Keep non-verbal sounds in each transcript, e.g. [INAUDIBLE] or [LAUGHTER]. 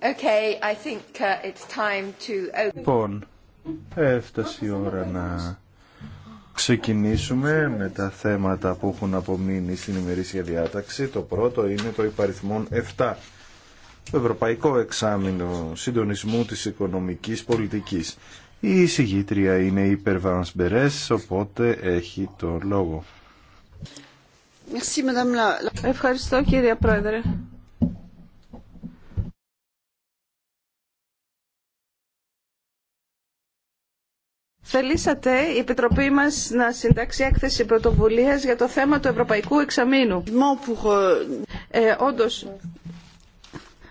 Uh, λοιπόν, έφτασε η ώρα να ξεκινήσουμε με τα θέματα που έχουν απομείνει στην ημερήσια διάταξη. Το πρώτο είναι το υπαριθμό 7. Το Ευρωπαϊκό Εξάμεινο Συντονισμού της Οικονομικής Πολιτικής. Η εισηγήτρια είναι η Περβάνς οπότε έχει το λόγο. Ευχαριστώ κύριε Πρόεδρε. Θελήσατε η Επιτροπή μας να συντάξει έκθεση πρωτοβουλία για το θέμα του Ευρωπαϊκού Εξαμήνου. Ε,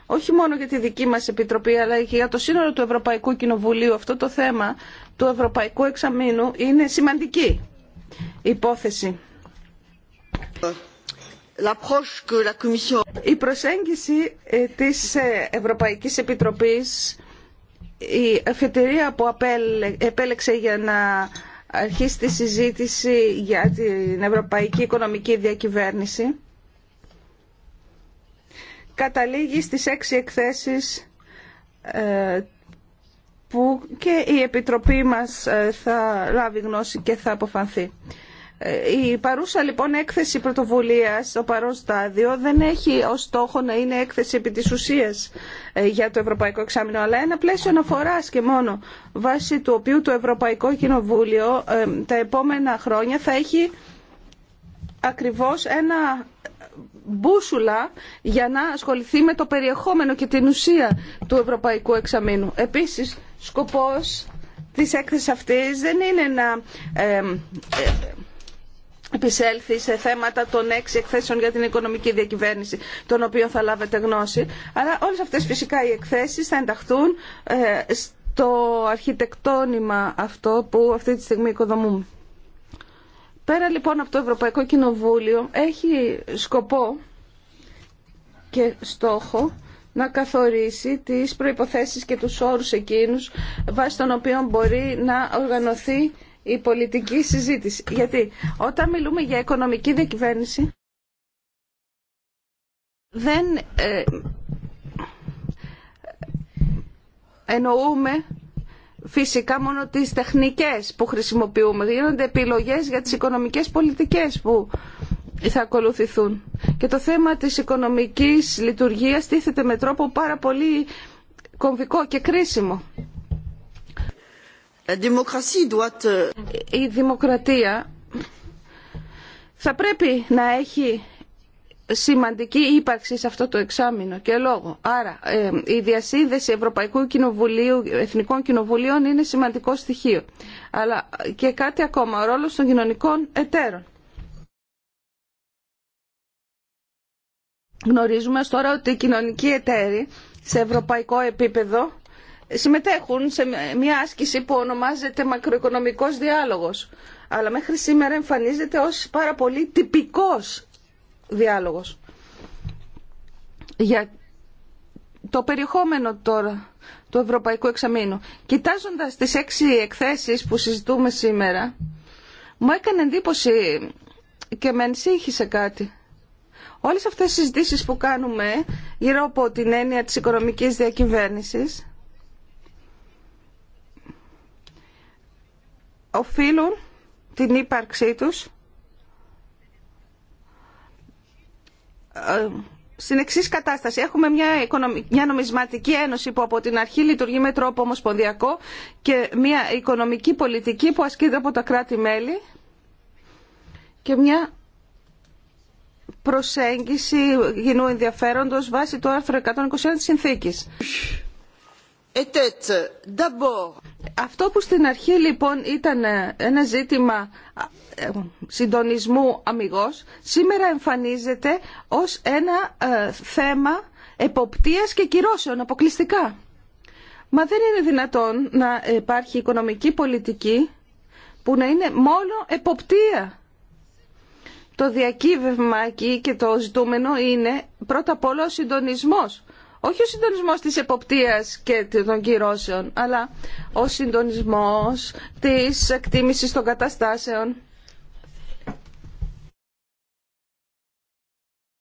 όχι μόνο για τη δική μας Επιτροπή, αλλά και για το σύνολο του Ευρωπαϊκού Κοινοβουλίου, αυτό το θέμα του Ευρωπαϊκού Εξαμήνου είναι σημαντική υπόθεση. Η προσέγγιση ε, της ε, Ευρωπαϊκής Επιτροπής η αφετηρία που επέλεξε για να αρχίσει τη συζήτηση για την Ευρωπαϊκή Οικονομική Διακυβέρνηση καταλήγει στις έξι εκθέσεις ε, που και η Επιτροπή μας ε, θα λάβει γνώση και θα αποφανθεί. Η παρούσα λοιπόν έκθεση πρωτοβουλίας στο παρόν στάδιο δεν έχει ως στόχο να είναι έκθεση επί της ουσίας ε, για το Ευρωπαϊκό Εξάμεινο, αλλά ένα πλαίσιο αναφοράς και μόνο, βάσει του οποίου το Ευρωπαϊκό Κοινοβούλιο ε, τα επόμενα χρόνια θα έχει ακριβώς ένα μπούσουλα για να ασχοληθεί με το περιεχόμενο και την ουσία του Ευρωπαϊκού Εξαμήνου. Επίσης, σκοπός της έκθεσης αυτής δεν είναι να ε, επισέλθει σε θέματα των έξι εκθέσεων για την οικονομική διακυβέρνηση, των οποίων θα λάβετε γνώση. Αλλά όλες αυτές φυσικά οι εκθέσεις θα ενταχθούν ε, στο αρχιτεκτόνημα αυτό που αυτή τη στιγμή οικοδομούμε. Πέρα λοιπόν από το Ευρωπαϊκό Κοινοβούλιο έχει σκοπό και στόχο να καθορίσει τις προϋποθέσεις και τους όρους εκείνους βάσει των οποίων μπορεί να οργανωθεί η πολιτική συζήτηση. Γιατί όταν μιλούμε για οικονομική διακυβέρνηση δεν ε, εννοούμε φυσικά μόνο τις τεχνικές που χρησιμοποιούμε. Γίνονται επιλογές για τις οικονομικές πολιτικές που θα ακολουθηθούν. Και το θέμα της οικονομικής λειτουργίας τίθεται με τρόπο πάρα πολύ κομβικό και κρίσιμο. Euh, η δημοκρατία θα πρέπει να έχει σημαντική ύπαρξη σε αυτό το εξάμεινο και λόγο. Άρα ε, η διασύνδεση Ευρωπαϊκού Κοινοβουλίου, Εθνικών Κοινοβουλίων είναι σημαντικό στοιχείο. Αλλά και κάτι ακόμα, ο ρόλος των κοινωνικών εταίρων. Γνωρίζουμε τώρα ότι οι κοινωνικοί εταίροι σε ευρωπαϊκό επίπεδο συμμετέχουν σε μια άσκηση που ονομάζεται μακροοικονομικός διάλογος. Αλλά μέχρι σήμερα εμφανίζεται ως πάρα πολύ τυπικός διάλογος. Για το περιεχόμενο τώρα του Ευρωπαϊκού Εξαμήνου. Κοιτάζοντας τις έξι εκθέσεις που συζητούμε σήμερα, μου έκανε εντύπωση και με ενσύχησε κάτι. Όλες αυτές οι συζητήσεις που κάνουμε γύρω από την έννοια της οικονομικής διακυβέρνησης, οφείλουν την ύπαρξή τους ε, στην εξή κατάσταση. Έχουμε μια, οικονομική, μια νομισματική ένωση που από την αρχή λειτουργεί με τρόπο ομοσπονδιακό και μια οικονομική πολιτική που ασκείται από τα κράτη-μέλη και μια προσέγγιση γεννού ενδιαφέροντος βάσει το άρθρο 121 της συνθήκης. Αυτό που στην αρχή λοιπόν ήταν ε, ένα ζήτημα ε, συντονισμού αμυγός, σήμερα εμφανίζεται ως ένα ε, θέμα εποπτείας και κυρώσεων αποκλειστικά. Μα δεν είναι δυνατόν να υπάρχει οικονομική πολιτική που να είναι μόνο εποπτεία. Το διακύβευμα εκεί και το ζητούμενο είναι πρώτα απ' όλα ο συντονισμός όχι ο συντονισμός της εποπτείας και των κυρώσεων, αλλά ο συντονισμός της εκτίμησης των καταστάσεων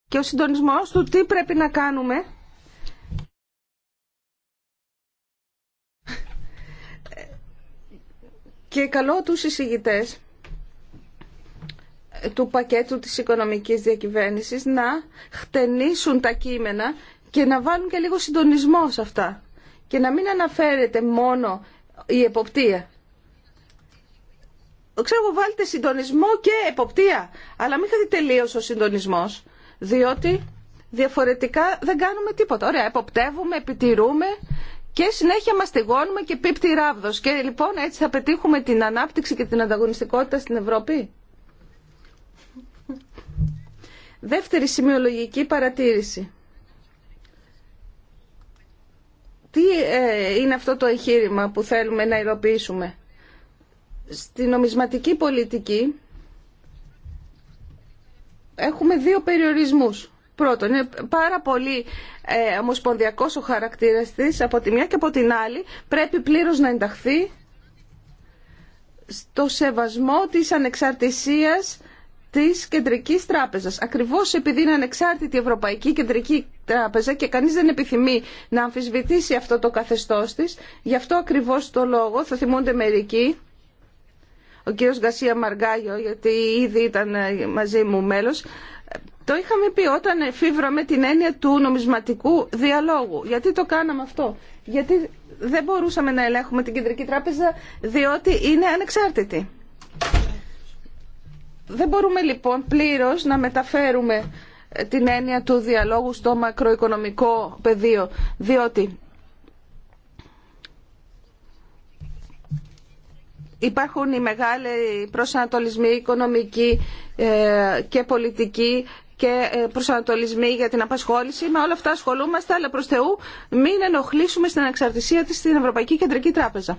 και ο συντονισμός του τι πρέπει να κάνουμε και καλώ τους εισηγητές του πακέτου της οικονομικής διακυβέρνησης να χτενίσουν τα κείμενα και να βάλουν και λίγο συντονισμό σε αυτά και να μην αναφέρεται μόνο η εποπτεία. Ξέρω εγώ βάλετε συντονισμό και εποπτεία, αλλά μην χαθεί τελείως ο συντονισμός, διότι διαφορετικά δεν κάνουμε τίποτα. Ωραία, εποπτεύουμε, επιτηρούμε και συνέχεια μαστιγώνουμε και πίπτει ράβδος. Και λοιπόν έτσι θα πετύχουμε την ανάπτυξη και την ανταγωνιστικότητα στην Ευρώπη. Δεύτερη σημειολογική παρατήρηση. Τι ε, είναι αυτό το εγχείρημα που θέλουμε να υλοποιήσουμε. Στη νομισματική πολιτική έχουμε δύο περιορισμούς. Πρώτον, είναι πάρα πολύ ε, ομοσπονδιακός ο χαρακτήρας της από τη μια και από την άλλη πρέπει πλήρως να ενταχθεί στο σεβασμό της ανεξαρτησίας της Κεντρικής Τράπεζας. Ακριβώς επειδή είναι ανεξάρτητη η Ευρωπαϊκή Κεντρική Τράπεζα και κανείς δεν επιθυμεί να αμφισβητήσει αυτό το καθεστώς της, γι' αυτό ακριβώς το λόγο, θα θυμούνται μερικοί, ο κύριος Γκασία Μαργκάγιο, γιατί ήδη ήταν ε, μαζί μου μέλος, το είχαμε πει όταν εφήβραμε την έννοια του νομισματικού διαλόγου. Γιατί το κάναμε αυτό. Γιατί δεν μπορούσαμε να ελέγχουμε την Κεντρική Τράπεζα διότι είναι ανεξάρτητη. Δεν μπορούμε λοιπόν πλήρως να μεταφέρουμε ε, την έννοια του διαλόγου στο μακροοικονομικό πεδίο, διότι υπάρχουν οι μεγάλοι προσανατολισμοί οικονομικοί ε, και πολιτικοί και ε, προσανατολισμοί για την απασχόληση. Με όλα αυτά ασχολούμαστε, αλλά προς Θεού μην ενοχλήσουμε στην ανεξαρτησία της στην Ευρωπαϊκή Κεντρική Τράπεζα.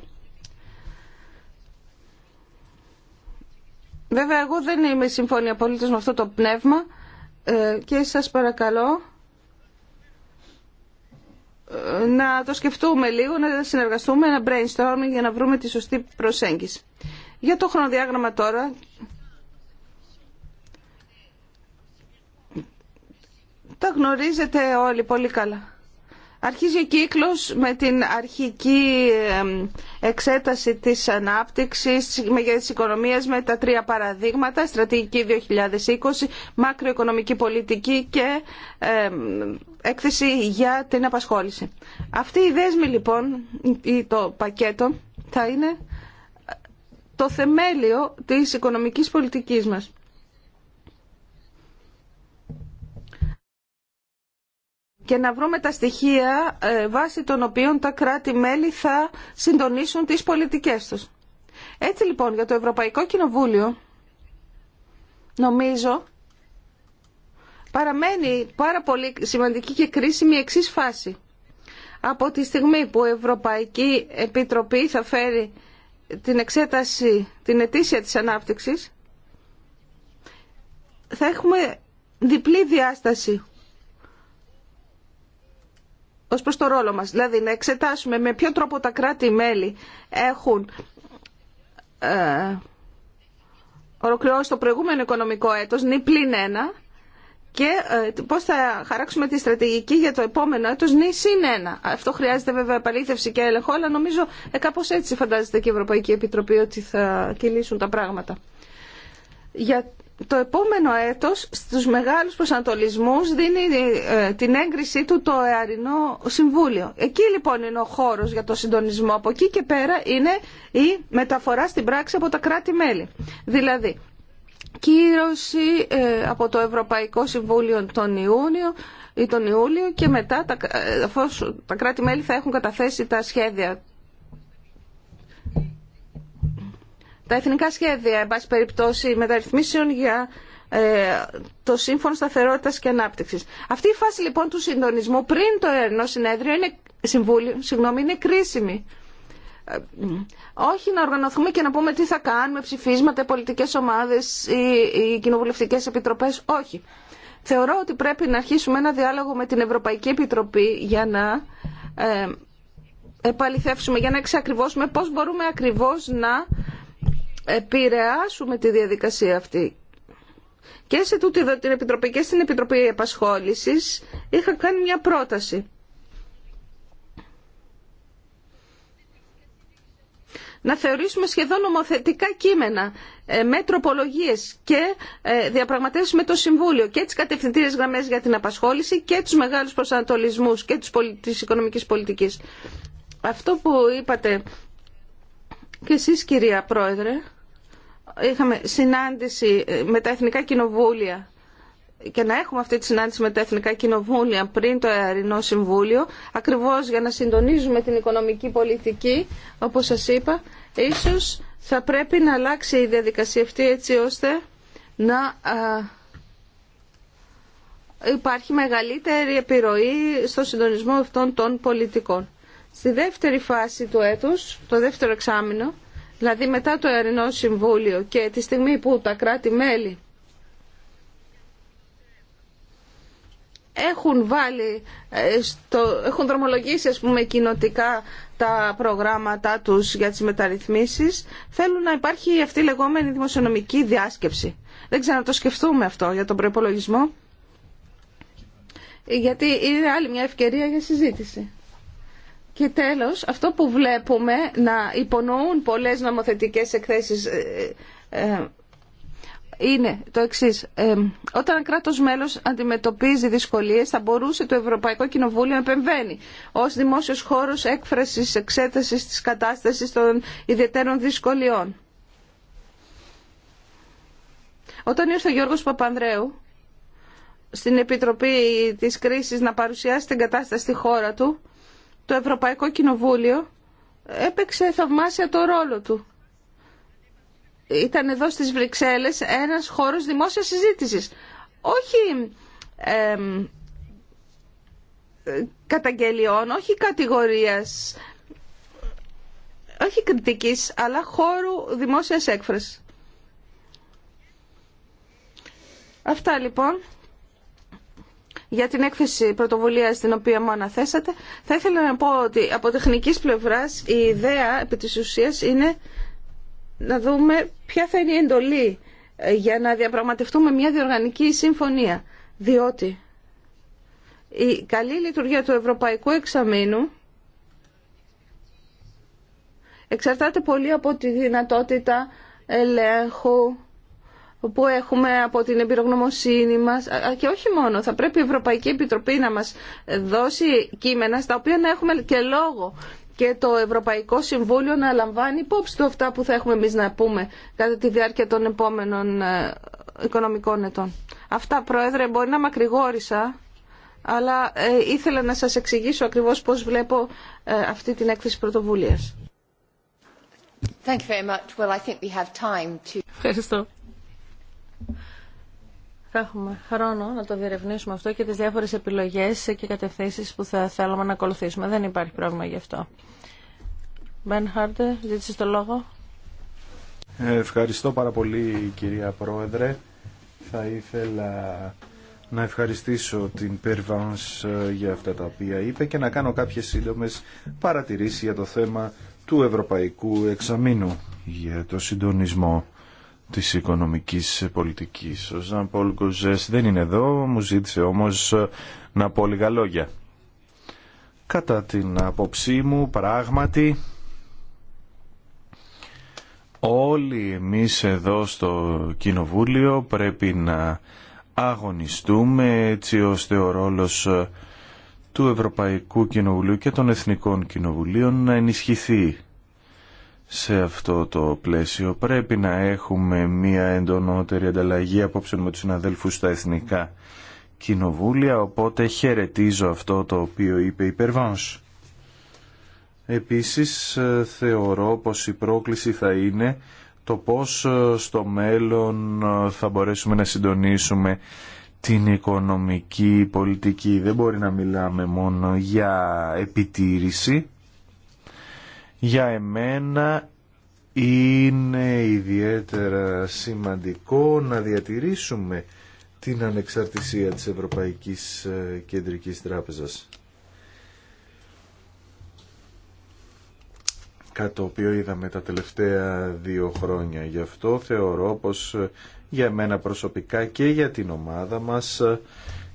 Βέβαια, εγώ δεν είμαι συμφωνία απολύτως με αυτό το πνεύμα ε, και σας παρακαλώ ε, να το σκεφτούμε λίγο, να συνεργαστούμε, να brainstorming για να βρούμε τη σωστή προσέγγιση. Για το χρονοδιάγραμμα τώρα, τα γνωρίζετε όλοι πολύ καλά. Αρχίζει ο κύκλος με την αρχική εξέταση της ανάπτυξης για τις οικονομίες με τα τρία παραδείγματα, στρατηγική 2020, μακροοικονομική πολιτική και έκθεση για την απασχόληση. Αυτή η δέσμη λοιπόν ή το πακέτο θα είναι το θεμέλιο της οικονομικής πολιτικής μας. και να βρούμε τα στοιχεία ε, βάσει των οποίων τα κράτη-μέλη θα συντονίσουν τις πολιτικές τους. Έτσι λοιπόν για το Ευρωπαϊκό Κοινοβούλιο νομίζω παραμένει πάρα πολύ σημαντική και κρίσιμη εξή φάση. Από τη στιγμή που η Ευρωπαϊκή Επιτροπή θα φέρει την εξέταση, την ετήσια της ανάπτυξης, θα έχουμε διπλή διάσταση ως προς το ρόλο μας. Δηλαδή να εξετάσουμε με ποιο τρόπο τα κράτη-μέλη έχουν ε, ολοκληρώσει το προηγούμενο οικονομικό έτος, νη πλην ένα, και ε, πώς θα χαράξουμε τη στρατηγική για το επόμενο έτος, νη συν ένα. Αυτό χρειάζεται βέβαια επαλήθευση και έλεγχο, αλλά νομίζω ε, κάπως έτσι φαντάζεται και η Ευρωπαϊκή Επιτροπή ότι θα κυλήσουν τα πράγματα. Για το επόμενο έτος στους μεγάλους προσανατολισμούς δίνει ε, την έγκρισή του το Εαρινό Συμβούλιο. Εκεί λοιπόν είναι ο χώρος για το συντονισμό. Από εκεί και πέρα είναι η μεταφορά στην πράξη από τα κράτη-μέλη. Δηλαδή, κύρωση ε, από το Ευρωπαϊκό Συμβούλιο τον Ιούνιο ή τον Ιούλιο και μετά τα, ε, τα κράτη-μέλη θα έχουν καταθέσει τα σχέδια τα εθνικά σχέδια, εν πάση περιπτώσει, μεταρρυθμίσεων για ε, το Σύμφωνο Σταθερότητα και Ανάπτυξη. Αυτή η φάση λοιπόν του συντονισμού πριν το Ερνό Συνέδριο είναι, συμβούλιο, συγγνώμη, είναι κρίσιμη. Ε, όχι να οργανωθούμε και να πούμε τι θα κάνουμε, ψηφίσματα, πολιτικές ομάδες ή οι κοινοβουλευτικές επιτροπές. Όχι. Θεωρώ ότι πρέπει να αρχίσουμε ένα διάλογο με την Ευρωπαϊκή Επιτροπή για να ε, επαληθεύσουμε, για να εξακριβώσουμε πώς μπορούμε ακριβώ να επηρεάσουμε τη διαδικασία αυτή. Και σε τούτη την Επιτροπή και στην Επιτροπή Επασχόλησης είχα κάνει μια πρόταση. να θεωρήσουμε σχεδόν ομοθετικά κείμενα ε, με τροπολογίε και ε, διαπραγματεύσεις με το Συμβούλιο και τις κατευθυντήριες γραμμές για την απασχόληση και τους μεγάλους προσανατολισμούς και τη της οικονομικής Αυτό που είπατε και εσείς κυρία Πρόεδρε είχαμε συνάντηση ε, με τα Εθνικά Κοινοβούλια και να έχουμε αυτή τη συνάντηση με τα Εθνικά Κοινοβούλια πριν το Εαρινό Συμβούλιο, ακριβώς για να συντονίζουμε την οικονομική πολιτική, όπως σας είπα, ίσως θα πρέπει να αλλάξει η διαδικασία αυτή έτσι ώστε να υπάρχει μεγαλύτερη επιρροή στο συντονισμό αυτών των πολιτικών. Στη δεύτερη φάση του έτους, το δεύτερο εξάμεινο, δηλαδή μετά το Ερεινό Συμβούλιο και τη στιγμή που τα κράτη-μέλη έχουν βάλει, ε, στο, έχουν δρομολογήσει ας πούμε κοινοτικά τα προγράμματα τους για τις μεταρρυθμίσεις, θέλουν να υπάρχει αυτή η λεγόμενη δημοσιονομική διάσκεψη. Δεν ξέρω να το σκεφτούμε αυτό για τον προπολογισμό, γιατί είναι άλλη μια ευκαιρία για συζήτηση. Και τέλος, αυτό που βλέπουμε να υπονοούν πολλές νομοθετικές εκθέσεις ε, ε, ε είναι το εξή. Ε, όταν ένα κράτο μέλο αντιμετωπίζει δυσκολίε, θα μπορούσε το Ευρωπαϊκό Κοινοβούλιο να επεμβαίνει ω δημόσιο χώρο έκφραση, εξέταση τη κατάσταση των ιδιαίτερων δυσκολιών. Όταν ήρθε ο Γιώργος Παπανδρέου στην Επιτροπή της Κρίσης να παρουσιάσει την κατάσταση στη χώρα του, το Ευρωπαϊκό Κοινοβούλιο έπαιξε θαυμάσια το ρόλο του. Ήταν εδώ στις Βρυξέλλες ένας χώρος δημόσιας συζήτησης. Όχι ε, καταγγελιών, όχι κατηγορίας, όχι κριτικής, αλλά χώρου δημόσιας έκφρασης. Αυτά λοιπόν για την έκθεση πρωτοβουλία την οποία μου αναθέσατε. Θα ήθελα να πω ότι από τεχνική πλευρά η ιδέα επί τη ουσία είναι να δούμε ποια θα είναι η εντολή ε, για να διαπραγματευτούμε μια διοργανική συμφωνία. Διότι η καλή λειτουργία του Ευρωπαϊκού Εξαμήνου εξαρτάται πολύ από τη δυνατότητα ελέγχου που έχουμε από την εμπειρογνωμοσύνη μας και όχι μόνο, θα πρέπει η Ευρωπαϊκή Επιτροπή να μας δώσει κείμενα στα οποία να έχουμε και λόγο και το Ευρωπαϊκό Συμβούλιο να λαμβάνει υπόψη του αυτά που θα έχουμε εμείς να πούμε κατά τη διάρκεια των επόμενων ε, οικονομικών ετών. Αυτά, Πρόεδρε, μπορεί να μακρηγόρησα, αλλά ε, ήθελα να σας εξηγήσω ακριβώς πώς βλέπω ε, αυτή την έκθεση πρωτοβουλίας. Ευχαριστώ. Θα έχουμε χρόνο να το διερευνήσουμε αυτό και τις διάφορες επιλογές και κατευθύνσεις που θα θέλαμε να ακολουθήσουμε. Δεν υπάρχει πρόβλημα γι' αυτό. Μπεν Χάρτε, ζήτησε το λόγο. Ευχαριστώ πάρα πολύ κυρία Πρόεδρε. Θα ήθελα να ευχαριστήσω την Περβάνς ε, για αυτά τα οποία είπε και να κάνω κάποιες σύντομες παρατηρήσεις για το θέμα του Ευρωπαϊκού Εξαμήνου για το συντονισμό της οικονομικής πολιτικής. Ο Ζαν Πολ δεν είναι εδώ, μου ζήτησε όμως ε, να πω λίγα λόγια. Κατά την απόψή μου, πράγματι, όλοι εμείς εδώ στο Κοινοβούλιο πρέπει να αγωνιστούμε έτσι ώστε ο ρόλος ε, του Ευρωπαϊκού Κοινοβουλίου και των Εθνικών Κοινοβουλίων να ενισχυθεί σε αυτό το πλαίσιο. Πρέπει να έχουμε μια εντονότερη ανταλλαγή απόψε με τους συναδέλφους στα εθνικά κοινοβούλια, οπότε χαιρετίζω αυτό το οποίο είπε η Περβάνς. Επίσης θεωρώ πως η πρόκληση θα είναι το πώς ε, στο μέλλον ε, θα μπορέσουμε να συντονίσουμε την οικονομική πολιτική. Δεν μπορεί να μιλάμε μόνο για επιτήρηση για εμένα είναι ιδιαίτερα σημαντικό να διατηρήσουμε την ανεξαρτησία της Ευρωπαϊκής ε, Κεντρικής Τράπεζας. Κάτι το οποίο είδαμε τα τελευταία δύο χρόνια. Γι' αυτό θεωρώ πως ε, για μένα προσωπικά και για την ομάδα μας ε,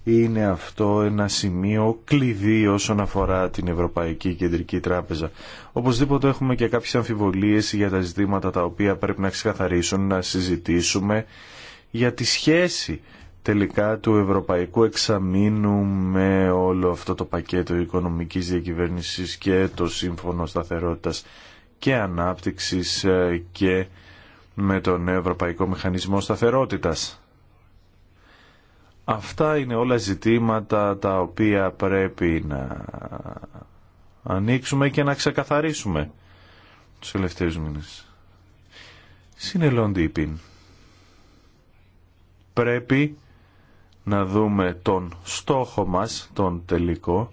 είναι αυτό ένα σημείο κλειδί όσον αφορά την Ευρωπαϊκή Κεντρική Τράπεζα. Οπωσδήποτε έχουμε και κάποιες αμφιβολίες για τα ζητήματα τα οποία πρέπει να ξεκαθαρίσουν, να συζητήσουμε για τη σχέση τελικά του Ευρωπαϊκού Εξαμήνου με όλο αυτό το πακέτο οικονομικής διακυβέρνησης και το Σύμφωνο Σταθερότητας και Ανάπτυξης ε, και με τον Ευρωπαϊκό Μηχανισμό Σταθερότητας. Αυτά είναι όλα ζητήματα τα οποία πρέπει να ανοίξουμε και να ξεκαθαρίσουμε τους τελευταίους μήνες. Συνελώνται Πρέπει να δούμε τον στόχο μας, τον τελικό,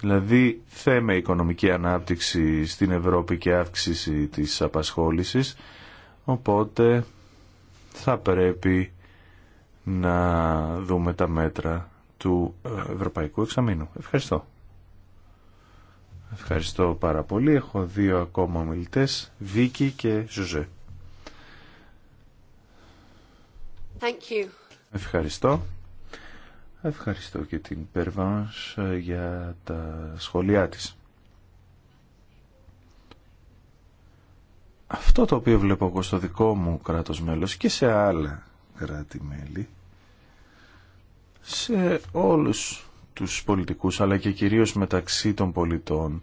δηλαδή θέμε οικονομική ανάπτυξη στην Ευρώπη και αύξηση της απασχόλησης, οπότε θα πρέπει να δούμε τα μέτρα του ε, Ευρωπαϊκού Εξαμήνου. Ευχαριστώ. Ευχαριστώ πάρα πολύ. Έχω δύο ακόμα ομιλητές, Βίκη και Ζουζέ. Thank you. Ευχαριστώ. Ευχαριστώ και την Περβάνς ε, για τα σχόλιά της. Αυτό το οποίο βλέπω εγώ στο δικό μου κράτος μέλος και σε άλλα κράτη-μέλη σε όλους τους πολιτικούς αλλά και κυρίως μεταξύ των πολιτών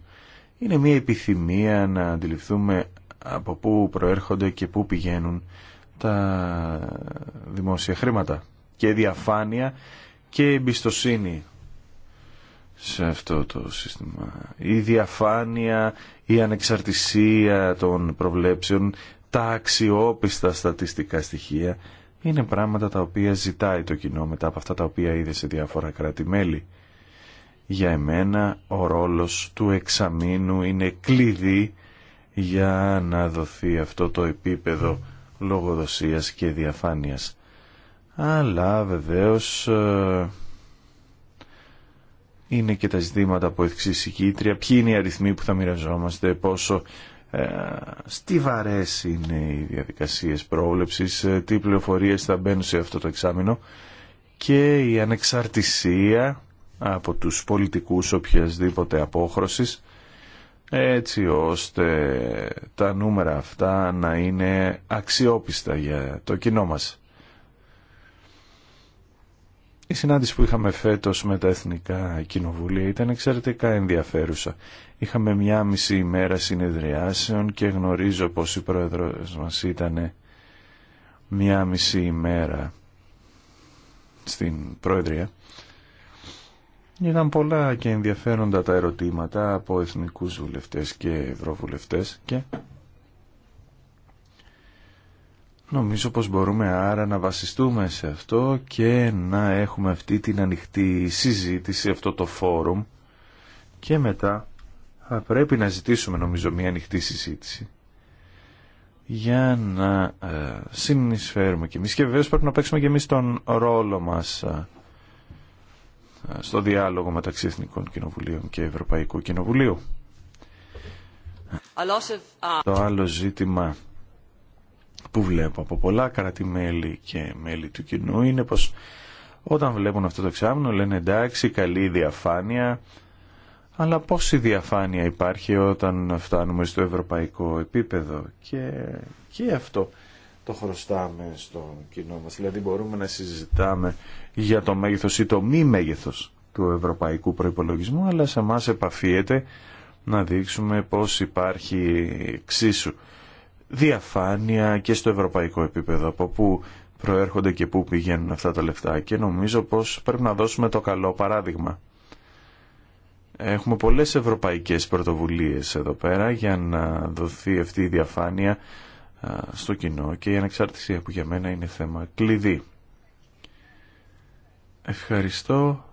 είναι μια επιθυμία να αντιληφθούμε από πού προέρχονται και πού πηγαίνουν τα δημόσια χρήματα και διαφάνεια και εμπιστοσύνη σε αυτό το σύστημα. Η διαφάνεια, η ανεξαρτησία των προβλέψεων, τα αξιόπιστα στατιστικά στοιχεία είναι πράγματα τα οποία ζητάει το κοινό μετά από αυτά τα οποία είδε σε διάφορα κράτη-μέλη. Για εμένα ο ρόλος του εξαμήνου είναι κλειδί για να δοθεί αυτό το επίπεδο λογοδοσίας και διαφάνειας. Αλλά βεβαίως ε, είναι και τα ζητήματα που εξής η ποιοι είναι οι αριθμοί που θα μοιραζόμαστε, πόσο ε, στιβαρές είναι οι διαδικασίες πρόβλεψης, ε, τι πληροφορίες θα μπαίνουν σε αυτό το εξάμεινο και η ανεξαρτησία από τους πολιτικούς οποιασδήποτε απόχρωσης έτσι ώστε τα νούμερα αυτά να είναι αξιόπιστα για το κοινό μας. Η συνάντηση που είχαμε φέτος με τα Εθνικά Κοινοβούλια ήταν εξαιρετικά ενδιαφέρουσα. Είχαμε μια μισή ημέρα συνεδριάσεων και γνωρίζω πως η πρόεδρος μας ήταν μια μισή ημέρα στην Πρόεδρια. Ήταν πολλά και ενδιαφέροντα τα ερωτήματα από εθνικούς βουλευτές και ευρωβουλευτές και Νομίζω πως μπορούμε άρα να βασιστούμε σε αυτό και να έχουμε αυτή την ανοιχτή συζήτηση, αυτό το φόρουμ και μετά θα πρέπει να ζητήσουμε νομίζω μια ανοιχτή συζήτηση για να ε, συνεισφέρουμε κι εμείς και βεβαίως πρέπει να παίξουμε κι εμείς τον ρόλο μας ε, ε, στο διάλογο μεταξύ Εθνικών Κοινοβουλίων και Ευρωπαϊκού Κοινοβουλίου. Uh, το άλλο ζήτημα που βλέπω από πολλά κράτη-μέλη και μέλη του κοινού είναι πως όταν βλέπουν αυτό το εξάμεινο λένε εντάξει καλή διαφάνεια αλλά πόση διαφάνεια υπάρχει όταν φτάνουμε στο ευρωπαϊκό επίπεδο και, και αυτό το χρωστάμε στο κοινό μας. Δηλαδή μπορούμε να συζητάμε για το μέγεθος ή το μη μέγεθος του ευρωπαϊκού προϋπολογισμού αλλά σε μας επαφίεται να δείξουμε πως υπάρχει εξίσου διαφάνεια και στο ευρωπαϊκό επίπεδο από πού προέρχονται και πού πηγαίνουν αυτά τα λεφτά και νομίζω πως πρέπει να δώσουμε το καλό παράδειγμα. Έχουμε πολλές ευρωπαϊκές πρωτοβουλίες εδώ πέρα για να δοθεί αυτή η διαφάνεια στο κοινό και η ανεξαρτησία που για μένα είναι θέμα κλειδί. Ευχαριστώ.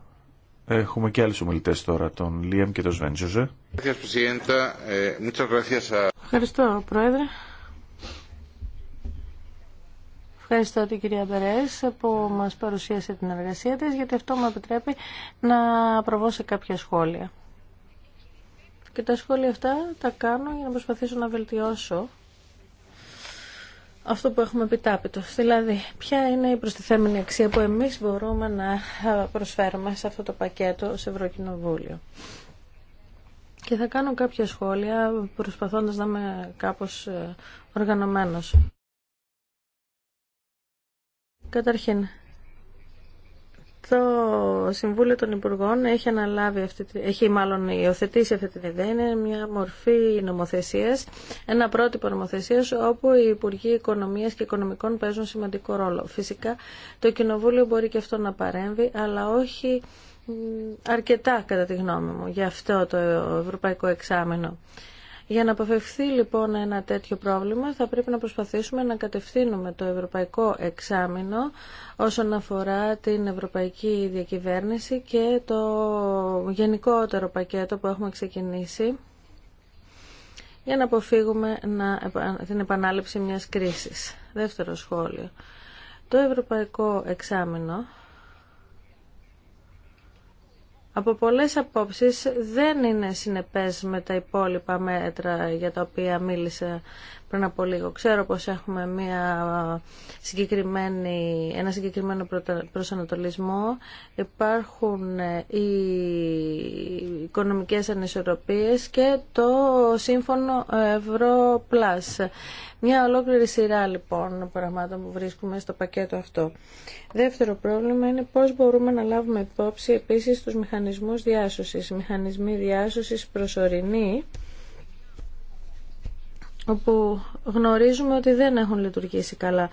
Έχουμε και άλλους ομιλητές τώρα, τον Λίαμ και τον Σβέντζοζε. Ευχαριστώ, Πρόεδρε. Ευχαριστώ την κυρία Μπερές που μας παρουσίασε την εργασία της, γιατί αυτό μου επιτρέπει να προβώ σε κάποια σχόλια. Και τα σχόλια αυτά τα κάνω για να προσπαθήσω να βελτιώσω αυτό που έχουμε επιτάπητο. Δηλαδή, ποια είναι η προστιθέμενη αξία που εμείς μπορούμε να προσφέρουμε σε αυτό το πακέτο σε Ευρωκοινοβούλιο. Και θα κάνω κάποια σχόλια προσπαθώντας να είμαι κάπως ε, οργανωμένος. Καταρχήν, το Συμβούλιο των Υπουργών έχει αναλάβει αυτή, έχει μάλλον υιοθετήσει αυτή την ιδέα. Είναι μια μορφή νομοθεσία, ένα πρότυπο νομοθεσία όπου οι Υπουργοί Οικονομία και Οικονομικών παίζουν σημαντικό ρόλο. Φυσικά το Κοινοβούλιο μπορεί και αυτό να παρέμβει, αλλά όχι αρκετά κατά τη γνώμη μου για αυτό το Ευρωπαϊκό Εξάμενο. Για να αποφευθεί λοιπόν ένα τέτοιο πρόβλημα θα πρέπει να προσπαθήσουμε να κατευθύνουμε το ευρωπαϊκό εξάμεινο όσον αφορά την ευρωπαϊκή διακυβέρνηση και το γενικότερο πακέτο που έχουμε ξεκινήσει για να αποφύγουμε την επανάληψη μιας κρίσης. Δεύτερο σχόλιο. Το ευρωπαϊκό εξάμεινο από πολλές απόψεις δεν είναι συνεπές με τα υπόλοιπα μέτρα για τα οποία μίλησε πριν από λίγο. Ξέρω πως έχουμε μια συγκεκριμένη, ένα συγκεκριμένο προσανατολισμό. Υπάρχουν ε, οι οικονομικές ανισορροπίες και το σύμφωνο Ευρώ μια ολόκληρη σειρά λοιπόν πραγμάτων που βρίσκουμε στο πακέτο αυτό. Δεύτερο πρόβλημα είναι πώς μπορούμε να λάβουμε υπόψη επίσης τους μηχανισμούς διάσωσης. Μηχανισμοί διάσωσης προσωρινοί όπου γνωρίζουμε ότι δεν έχουν λειτουργήσει καλά.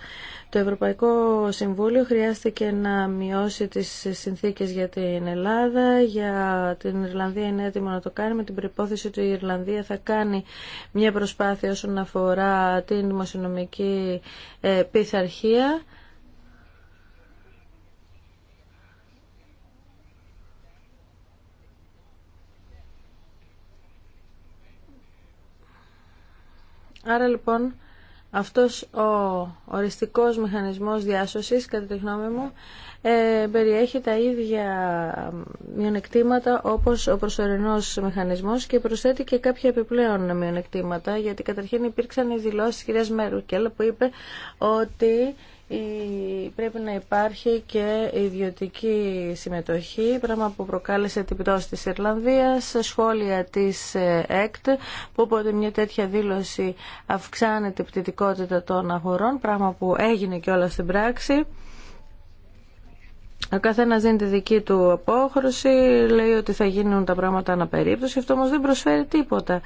Το Ευρωπαϊκό Συμβούλιο χρειάστηκε να μειώσει τις συνθήκες για την Ελλάδα, για την Ιρλανδία είναι έτοιμο να το κάνει, με την προπόθεση ότι η Ιρλανδία θα κάνει μια προσπάθεια όσον αφορά την δημοσιονομική ε, πειθαρχία. Άρα λοιπόν αυτός ο οριστικός μηχανισμός διάσωσης, κατά τη γνώμη μου, ε, περιέχει τα ίδια μειονεκτήματα όπως ο προσωρινός μηχανισμός και προσθέτει και κάποια επιπλέον μειονεκτήματα, γιατί καταρχήν υπήρξαν οι δηλώσεις της κυρίας Μέρουκελ που είπε ότι πρέπει να υπάρχει και ιδιωτική συμμετοχή, πράγμα που προκάλεσε την πτώση της Ιρλανδίας, σχόλια της ε, ΕΚΤ, που οπότε μια τέτοια δήλωση αυξάνει την πτυτικότητα των αγορών, πράγμα που έγινε και όλα στην πράξη. Ο καθένα δίνει τη δική του απόχρωση, λέει ότι θα γίνουν τα πράγματα αναπερίπτωση, αυτό όμω δεν προσφέρει τίποτα.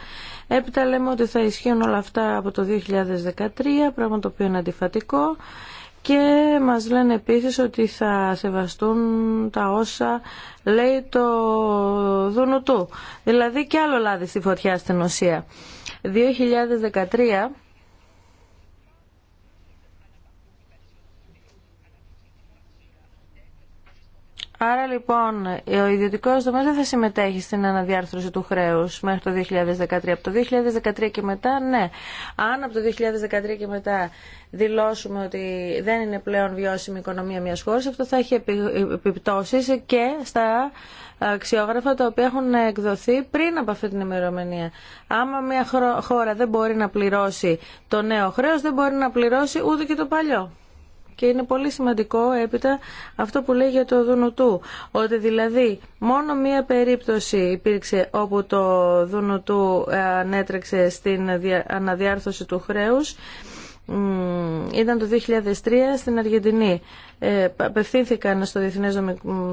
Έπειτα λέμε ότι θα ισχύουν όλα αυτά από το 2013, πράγμα το οποίο είναι αντιφατικό και μας λένε επίσης ότι θα σεβαστούν τα όσα λέει το Δουνουτού. Δηλαδή και άλλο λάδι στη φωτιά στην ουσία. 2013 Άρα λοιπόν ο ιδιωτικό τομέα δεν θα συμμετέχει στην αναδιάρθρωση του χρέου μέχρι το 2013. Από το 2013 και μετά, ναι. Αν από το 2013 και μετά δηλώσουμε ότι δεν είναι πλέον βιώσιμη η οικονομία μια χώρα, αυτό θα έχει επιπτώσει και στα αξιόγραφα τα οποία έχουν εκδοθεί πριν από αυτή την ημερομηνία. Άμα μια χώρα δεν μπορεί να πληρώσει το νέο χρέο, δεν μπορεί να πληρώσει ούτε και το παλιό. Και είναι πολύ σημαντικό έπειτα αυτό που λέει για το Δουνουτού. Ότι δηλαδή μόνο μία περίπτωση υπήρξε όπου το Δουνουτού ε, ανέτρεξε στην αναδιάρθρωση του χρέους ήταν το 2003 στην Αργεντινή. Ε, απευθύνθηκαν στο Διεθνές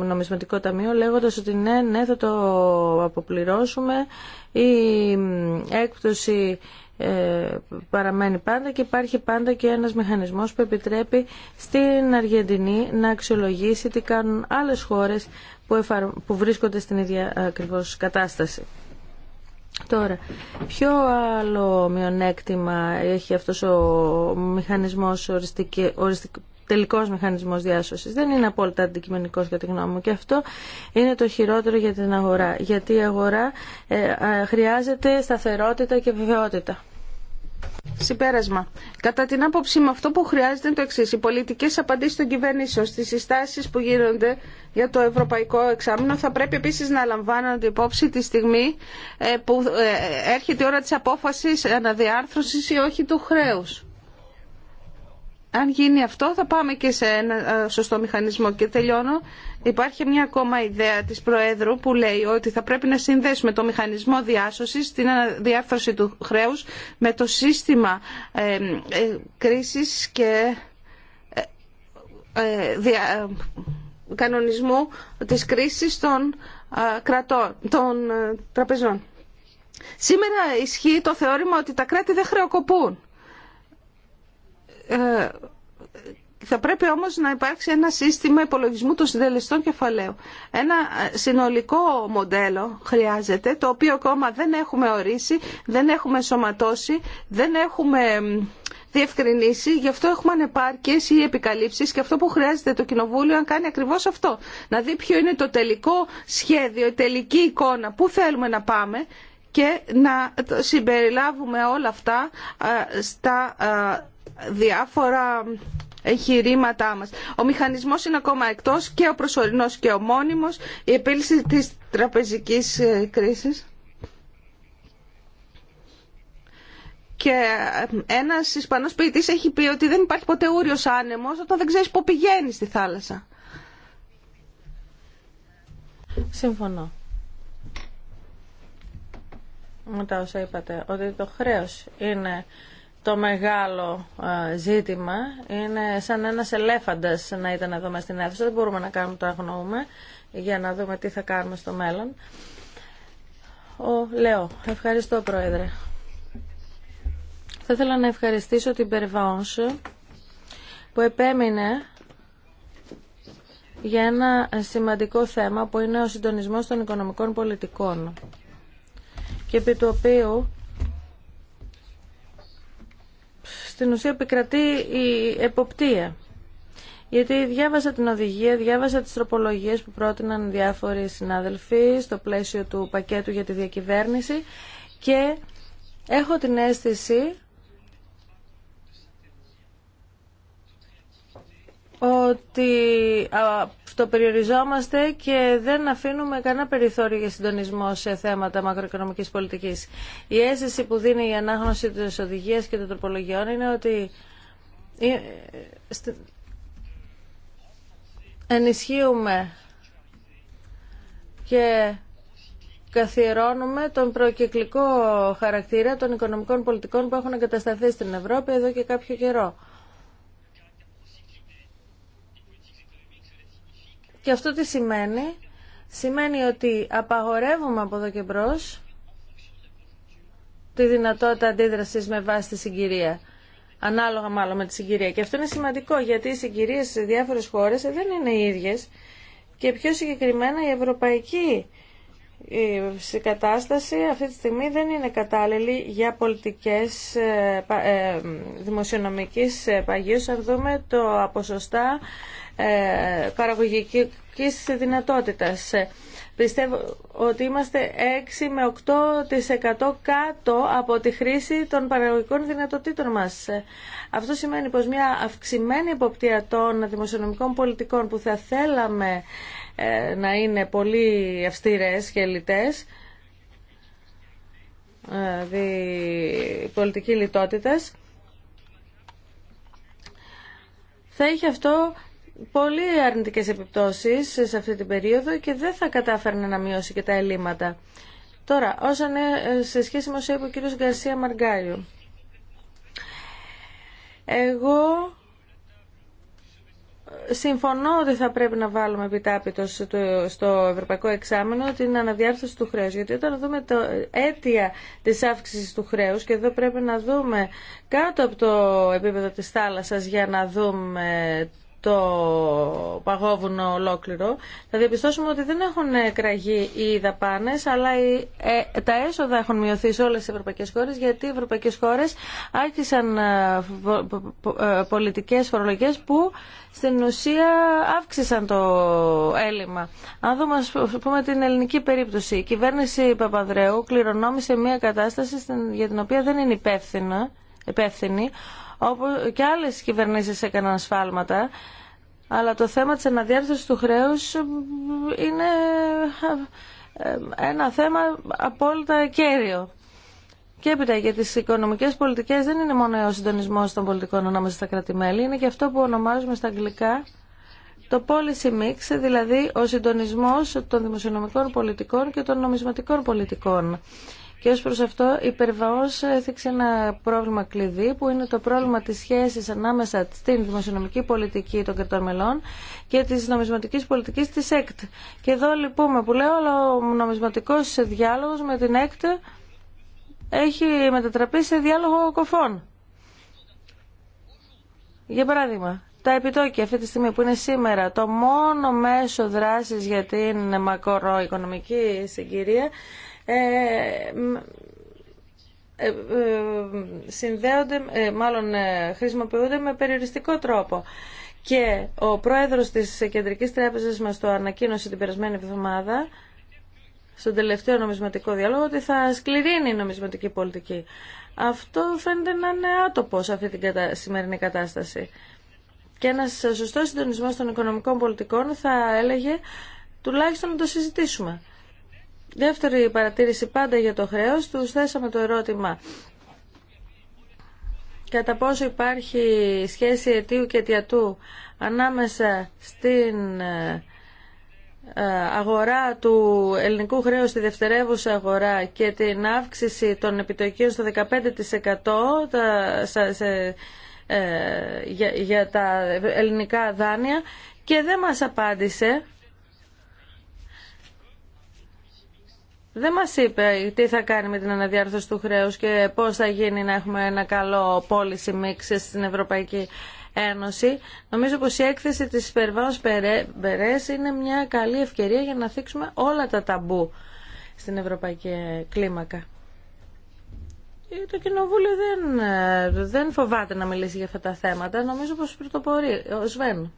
Νομισματικό Ταμείο λέγοντας ότι ναι, ναι θα το αποπληρώσουμε. Η έκπτωση ε, παραμένει πάντα και υπάρχει πάντα και ένας μηχανισμός που επιτρέπει στην Αργεντινή να αξιολογήσει τι κάνουν άλλες χώρες που βρίσκονται στην ίδια ακριβώς κατάσταση. Τώρα, ποιο άλλο μειονέκτημα έχει αυτός ο μηχανισμός οριστική, οριστική τελικός μηχανισμός διάσωση. Δεν είναι απόλυτα αντικειμενικό για τη γνώμη μου και αυτό είναι το χειρότερο για την αγορά. Γιατί η αγορά ε, χρειάζεται σταθερότητα και βεβαιότητα. Συμπέρασμα. Κατά την άποψή μου, αυτό που χρειάζεται είναι το εξή. Οι πολιτικέ απαντήσει των κυβερνήσεων στι συστάσει που γίνονται για το ευρωπαϊκό εξάμεινο θα πρέπει επίση να λαμβάνονται υπόψη τη στιγμή ε, που ε, έρχεται η ώρα τη απόφαση αναδιάρθρωση ή όχι του χρέου αν γίνει αυτό θα πάμε και σε ένα ε, σωστό μηχανισμό. Και τελειώνω. Υπάρχει μια ακόμα ιδέα της Προέδρου που λέει ότι θα πρέπει να συνδέσουμε το μηχανισμό διάσωσης, την αναδιάρθρωση του χρέους με το σύστημα ε, ε, κρίσης και κανονισμού της κρίσης των, κρατών, των τραπεζών. Σήμερα ισχύει το θεώρημα ότι τα κράτη δεν χρεοκοπούν. Ε, θα πρέπει όμως να υπάρξει ένα σύστημα υπολογισμού των συντελεστών κεφαλαίου. Ένα ε, συνολικό μοντέλο χρειάζεται, το οποίο ακόμα δεν έχουμε ορίσει, δεν έχουμε σωματώσει, δεν έχουμε διευκρινίσει, γι' αυτό έχουμε ανεπάρκειες ή επικαλύψεις και αυτό που χρειάζεται το Κοινοβούλιο να κάνει ακριβω αυτό. Να δει ποιο είναι το τελικό σχέδιο, η τελική εικόνα, πού θέλουμε να πάμε και να συμπεριλάβουμε όλα αυτά ε, στα διάφορα εγχειρήματά μας. Ο μηχανισμός είναι ακόμα εκτός και ο προσωρινός και ο μόνιμος, η επίλυση της τραπεζικής ε, κρίσης. Και ε, ένας Ισπανός ποιητής έχει πει ότι δεν υπάρχει ποτέ ούριος άνεμος όταν δεν ξέρεις πού πηγαίνει στη θάλασσα. Συμφωνώ. Μετά όσα είπατε, ότι το χρέος είναι το μεγάλο ε, ζήτημα. Είναι σαν ένας ελέφαντας να ήταν εδώ μέσα στην αίθουσα. Δεν μπορούμε να κάνουμε το αγνοούμε για να δούμε τι θα κάνουμε στο μέλλον. Ο Λέω. Ευχαριστώ, Πρόεδρε. Θα ήθελα να ευχαριστήσω την Περβάονς που επέμεινε για ένα σημαντικό θέμα που είναι ο συντονισμός των οικονομικών πολιτικών και επί του οποίου στην ουσία επικρατεί η εποπτεία. Γιατί διάβασα την οδηγία, διάβασα τις τροπολογίες που πρότειναν διάφοροι συνάδελφοι στο πλαίσιο του πακέτου για τη διακυβέρνηση και έχω την αίσθηση ότι το περιοριζόμαστε και δεν αφήνουμε κανένα περιθώριο για συντονισμό σε θέματα μακροοικονομικής πολιτικής. Η αίσθηση που δίνει η ανάγνωση της οδηγίας και των τροπολογιών είναι ότι ε, ενισχύουμε και καθιερώνουμε τον προκυκλικό χαρακτήρα των οικονομικών πολιτικών που έχουν εγκατασταθεί στην Ευρώπη εδώ και κάποιο καιρό. Και αυτό τι σημαίνει. Σημαίνει ότι απαγορεύουμε από εδώ και μπρο τη δυνατότητα αντίδραση με βάση τη συγκυρία. Ανάλογα μάλλον με τη συγκυρία. Και αυτό είναι σημαντικό γιατί οι συγκυρίες σε διάφορε χώρε δεν είναι οι ίδιες και πιο συγκεκριμένα η ευρωπαϊκή η κατάσταση αυτή τη στιγμή δεν είναι κατάλληλη για πολιτικές ε, ε, δημοσιονομικής ε, παγίες. Αν δούμε το αποσοστά ε, παραγωγικής δυνατότητας. Πιστεύω ότι είμαστε 6 με 8% κάτω από τη χρήση των παραγωγικών δυνατοτήτων μας. Αυτό σημαίνει πως μια αυξημένη υποπτία των δημοσιονομικών πολιτικών που θα θέλαμε ε, να είναι πολύ αυστηρές και λιτές, δηλαδή πολιτική λιτότητας, θα είχε αυτό πολύ αρνητικές επιπτώσεις σε αυτή την περίοδο και δεν θα κατάφερνε να μειώσει και τα ελλείμματα. Τώρα, όσον ε, σε σχέση με όσο είπε ο κύριος Γκαρσία Μαργκάριου. Εγώ συμφωνώ ότι θα πρέπει να βάλουμε επιτάπητο στο ευρωπαϊκό εξάμεινο την αναδιάρθρωση του χρέους. Γιατί όταν δούμε το αίτια της αύξησης του χρέους και εδώ πρέπει να δούμε κάτω από το επίπεδο της θάλασσας για να δούμε το παγόβουνο ολόκληρο, θα διαπιστώσουμε ότι δεν έχουν κραγεί οι δαπάνε, αλλά οι, ε, τα έσοδα έχουν μειωθεί σε όλε τι ευρωπαϊκέ χώρε, γιατί οι ευρωπαϊκέ χώρε άρχισαν ε, ε, πολιτικέ φορολογίες που στην ουσία αύξησαν το έλλειμμα. Αν δούμε, πούμε, την ελληνική περίπτωση, η κυβέρνηση Παπαδρέου κληρονόμησε μια κατάσταση για την οποία δεν είναι υπεύθυνη, όπου και άλλε κυβερνήσει έκαναν σφάλματα, αλλά το θέμα της αναδιάρθρωσης του χρέους είναι ε, ένα θέμα απόλυτα κέριο. Και έπειτα για τις οικονομικές πολιτικές δεν είναι μόνο ο συντονισμός των πολιτικών ανάμεσα στα κράτη-μέλη, είναι και αυτό που ονομάζουμε στα αγγλικά το policy mix, δηλαδή ο συντονισμός των δημοσιονομικών πολιτικών και των νομισματικών πολιτικών. Και ως προς αυτό η Περβαός έθιξε ένα πρόβλημα κλειδί που είναι το πρόβλημα της σχέσης ανάμεσα στην δημοσιονομική πολιτική των κρατών μελών και της νομισματικής πολιτικής της ΕΚΤ. Και εδώ λοιπόν που λέω ο νομισματικός διάλογος με την ΕΚΤ έχει μετατραπεί σε διάλογο κοφών. Για παράδειγμα, τα επιτόκια αυτή τη στιγμή που είναι σήμερα το μόνο μέσο δράσης για την μακροοικονομική συγκυρία ε, ε, ε, συνδέονται, μάλλον χρησιμοποιούνται με περιοριστικό τρόπο. Και ο πρόεδρος της Κεντρικής Τράπεζας μας το ανακοίνωσε την περασμένη εβδομάδα στον τελευταίο νομισματικό διάλογο ότι θα σκληρύνει η νομισματική πολιτική. Αυτό φαίνεται να είναι άτοπο σε αυτή την σημερινή κατάσταση. Και ένα σωστό συντονισμό των οικονομικών πολιτικών θα έλεγε τουλάχιστον να το συζητήσουμε. Δεύτερη παρατήρηση πάντα για το χρέος, Του θέσαμε το ερώτημα κατά πόσο υπάρχει σχέση αιτίου και αιτιατού ανάμεσα στην ε, αγορά του ελληνικού χρέους στη δευτερεύουσα αγορά και την αύξηση των επιτοκίων στο 15% ε, για τα ελληνικά δάνεια και δεν μας απάντησε δεν μας είπε τι θα κάνει με την αναδιάρθρωση του χρέους και πώς θα γίνει να έχουμε ένα καλό policy mix στην Ευρωπαϊκή Ένωση. Νομίζω πως η έκθεση της Περβάος Περές είναι μια καλή ευκαιρία για να θίξουμε όλα τα ταμπού στην Ευρωπαϊκή Κλίμακα. Ε, το Κοινοβούλιο δεν, ε, δεν φοβάται να μιλήσει για αυτά τα θέματα. Νομίζω πως πρωτοπορεί. Ο Σβέν.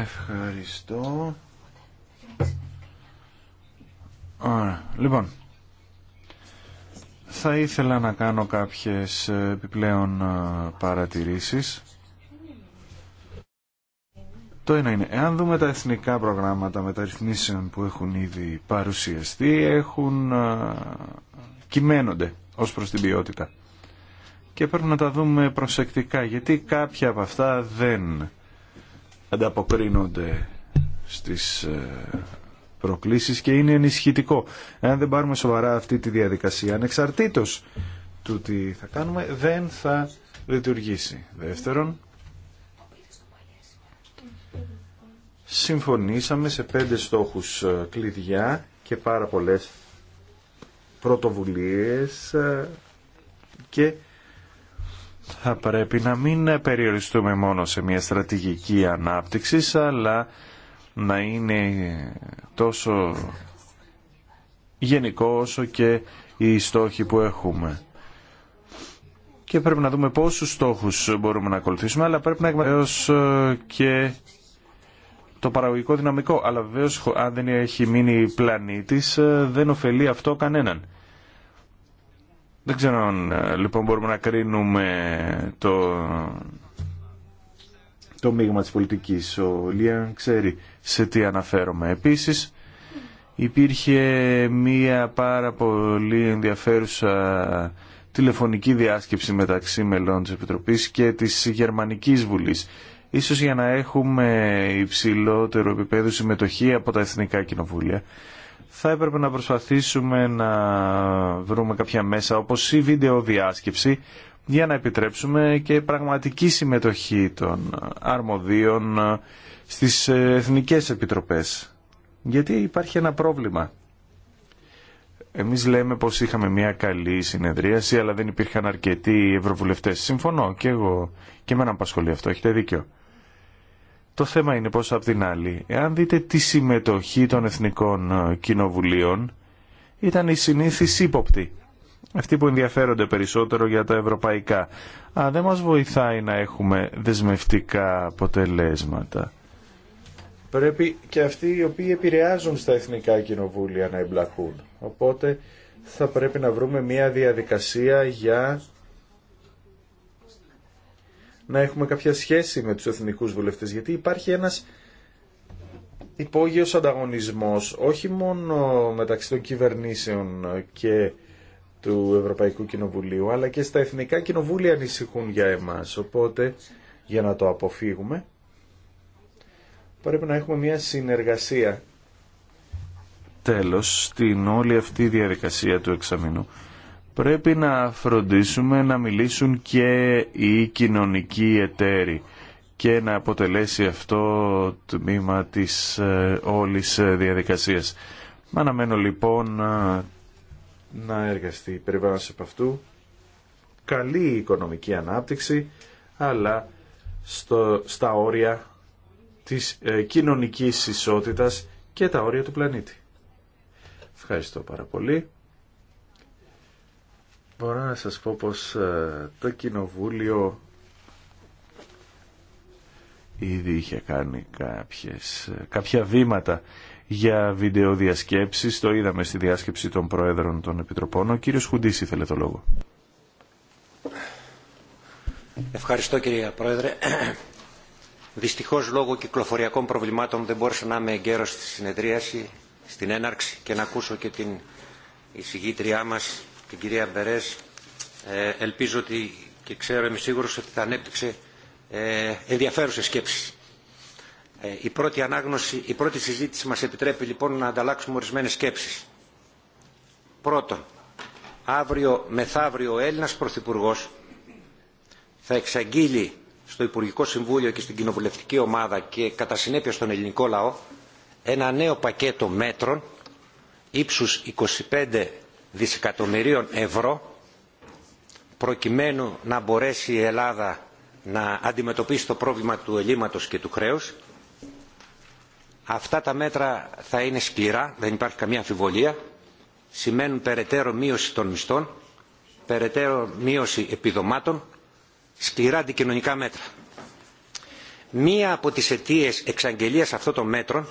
Ευχαριστώ. Λοιπόν, θα ήθελα να κάνω κάποιες επιπλέον παρατηρήσεις. Το ένα είναι, εάν δούμε τα εθνικά προγράμματα μεταρρυθμίσεων που έχουν ήδη παρουσιαστεί, έχουν κυμαίνονται ως προς την ποιότητα και πρέπει να τα δούμε προσεκτικά γιατί κάποια από αυτά δεν ανταποκρίνονται στις ε, προκλήσεις και είναι ενισχυτικό. Αν δεν πάρουμε σοβαρά αυτή τη διαδικασία, ανεξαρτήτως του τι θα κάνουμε, δεν θα λειτουργήσει. Δεύτερον, συμφωνήσαμε σε πέντε στόχους ε, κλειδιά και πάρα πολλές πρωτοβουλίες ε, και θα πρέπει να μην περιοριστούμε μόνο σε μια στρατηγική ανάπτυξη, αλλά να είναι τόσο γενικό όσο και οι στόχοι που έχουμε. Και πρέπει να δούμε πόσους στόχους μπορούμε να ακολουθήσουμε, αλλά πρέπει να έχουμε ε, και το παραγωγικό δυναμικό. Αλλά βεβαίω αν δεν έχει μείνει πλανήτης, ε, δεν ωφελεί αυτό κανέναν. Δεν ξέρω αν ε, λοιπόν μπορούμε να κρίνουμε το, το μείγμα της πολιτικής. Ο Λίαν ξέρει σε τι αναφέρομαι. Επίσης υπήρχε μία πάρα πολύ ενδιαφέρουσα τηλεφωνική διάσκεψη μεταξύ μελών της Επιτροπής και της Γερμανικής Βουλής. Ίσως για να έχουμε υψηλότερο επίπεδο συμμετοχή από τα Εθνικά Κοινοβούλια θα έπρεπε να προσπαθήσουμε να βρούμε κάποια μέσα όπως η βίντεο διάσκεψη για να επιτρέψουμε και πραγματική συμμετοχή των αρμοδίων στις εθνικές επιτροπές. Γιατί υπάρχει ένα πρόβλημα. Εμείς λέμε πως είχαμε μια καλή συνεδρίαση αλλά δεν υπήρχαν αρκετοί ευρωβουλευτές. Συμφωνώ και εγώ και εμένα απασχολεί αυτό, έχετε δίκιο. Το θέμα είναι πως απ' την άλλη, εάν δείτε τη συμμετοχή των εθνικών ε, κοινοβουλίων, ήταν η συνήθις ύποπτη. Αυτοί που ενδιαφέρονται περισσότερο για τα ευρωπαϊκά. Α, δεν μας βοηθάει να έχουμε δεσμευτικά αποτελέσματα. Πρέπει και αυτοί οι οποίοι επηρεάζουν στα εθνικά κοινοβούλια να εμπλακούν. Οπότε θα πρέπει να βρούμε μια διαδικασία για να έχουμε κάποια σχέση με τους εθνικούς βουλευτές, γιατί υπάρχει ένας υπόγειος ανταγωνισμός, όχι μόνο μεταξύ των κυβερνήσεων και του Ευρωπαϊκού Κοινοβουλίου, αλλά και στα εθνικά κοινοβούλια ανησυχούν για εμάς. Οπότε, για να το αποφύγουμε, πρέπει να έχουμε μια συνεργασία. Τέλος, στην όλη αυτή διαδικασία του εξαμήνου, πρέπει να φροντίσουμε να μιλήσουν και οι κοινωνικοί εταίροι και να αποτελέσει αυτό το τμήμα της ε, όλης ε, διαδικασίας. Μα αναμένω λοιπόν να, εργαστεί η από αυτού. Καλή οικονομική ανάπτυξη, αλλά στο, στα όρια της ε, κοινωνικής ισότητας και τα όρια του πλανήτη. Ευχαριστώ πάρα πολύ. Μπορώ να σας πω πως ε, το Κοινοβούλιο ήδη είχε κάνει κάποιες, ε, κάποια βήματα για βιντεοδιασκέψεις. Το είδαμε στη διάσκεψη των Προέδρων των Επιτροπών. Ο κύριος Χουντής ήθελε το λόγο. Ευχαριστώ κύριε Πρόεδρε. Δυστυχώς λόγω κυκλοφοριακών προβλημάτων δεν μπορούσα να είμαι εγκαίρος στη συνεδρίαση, στην έναρξη και να ακούσω και την εισηγήτριά μας την κυρία Μπερές ε, ελπίζω ότι και ξέρω είμαι σίγουρος ότι θα ανέπτυξε ε, ενδιαφέρουσες σκέψεις. Ε, η πρώτη, ανάγνωση, η πρώτη συζήτηση μας επιτρέπει λοιπόν να ανταλλάξουμε ορισμένες σκέψεις. Πρώτον, αύριο μεθαύριο ο Έλληνας Πρωθυπουργό θα εξαγγείλει στο Υπουργικό Συμβούλιο και στην Κοινοβουλευτική Ομάδα και κατά συνέπεια στον ελληνικό λαό ένα νέο πακέτο μέτρων ύψους 25 δισεκατομμυρίων ευρώ προκειμένου να μπορέσει η Ελλάδα να αντιμετωπίσει το πρόβλημα του ελλείμματος και του χρέους. Αυτά τα μέτρα θα είναι σκληρά, δεν υπάρχει καμία αμφιβολία. Σημαίνουν περαιτέρω μείωση των μισθών, περαιτέρω μείωση επιδομάτων, σκληρά αντικοινωνικά μέτρα. Μία από τις αιτίες εξαγγελίας αυτών των μέτρων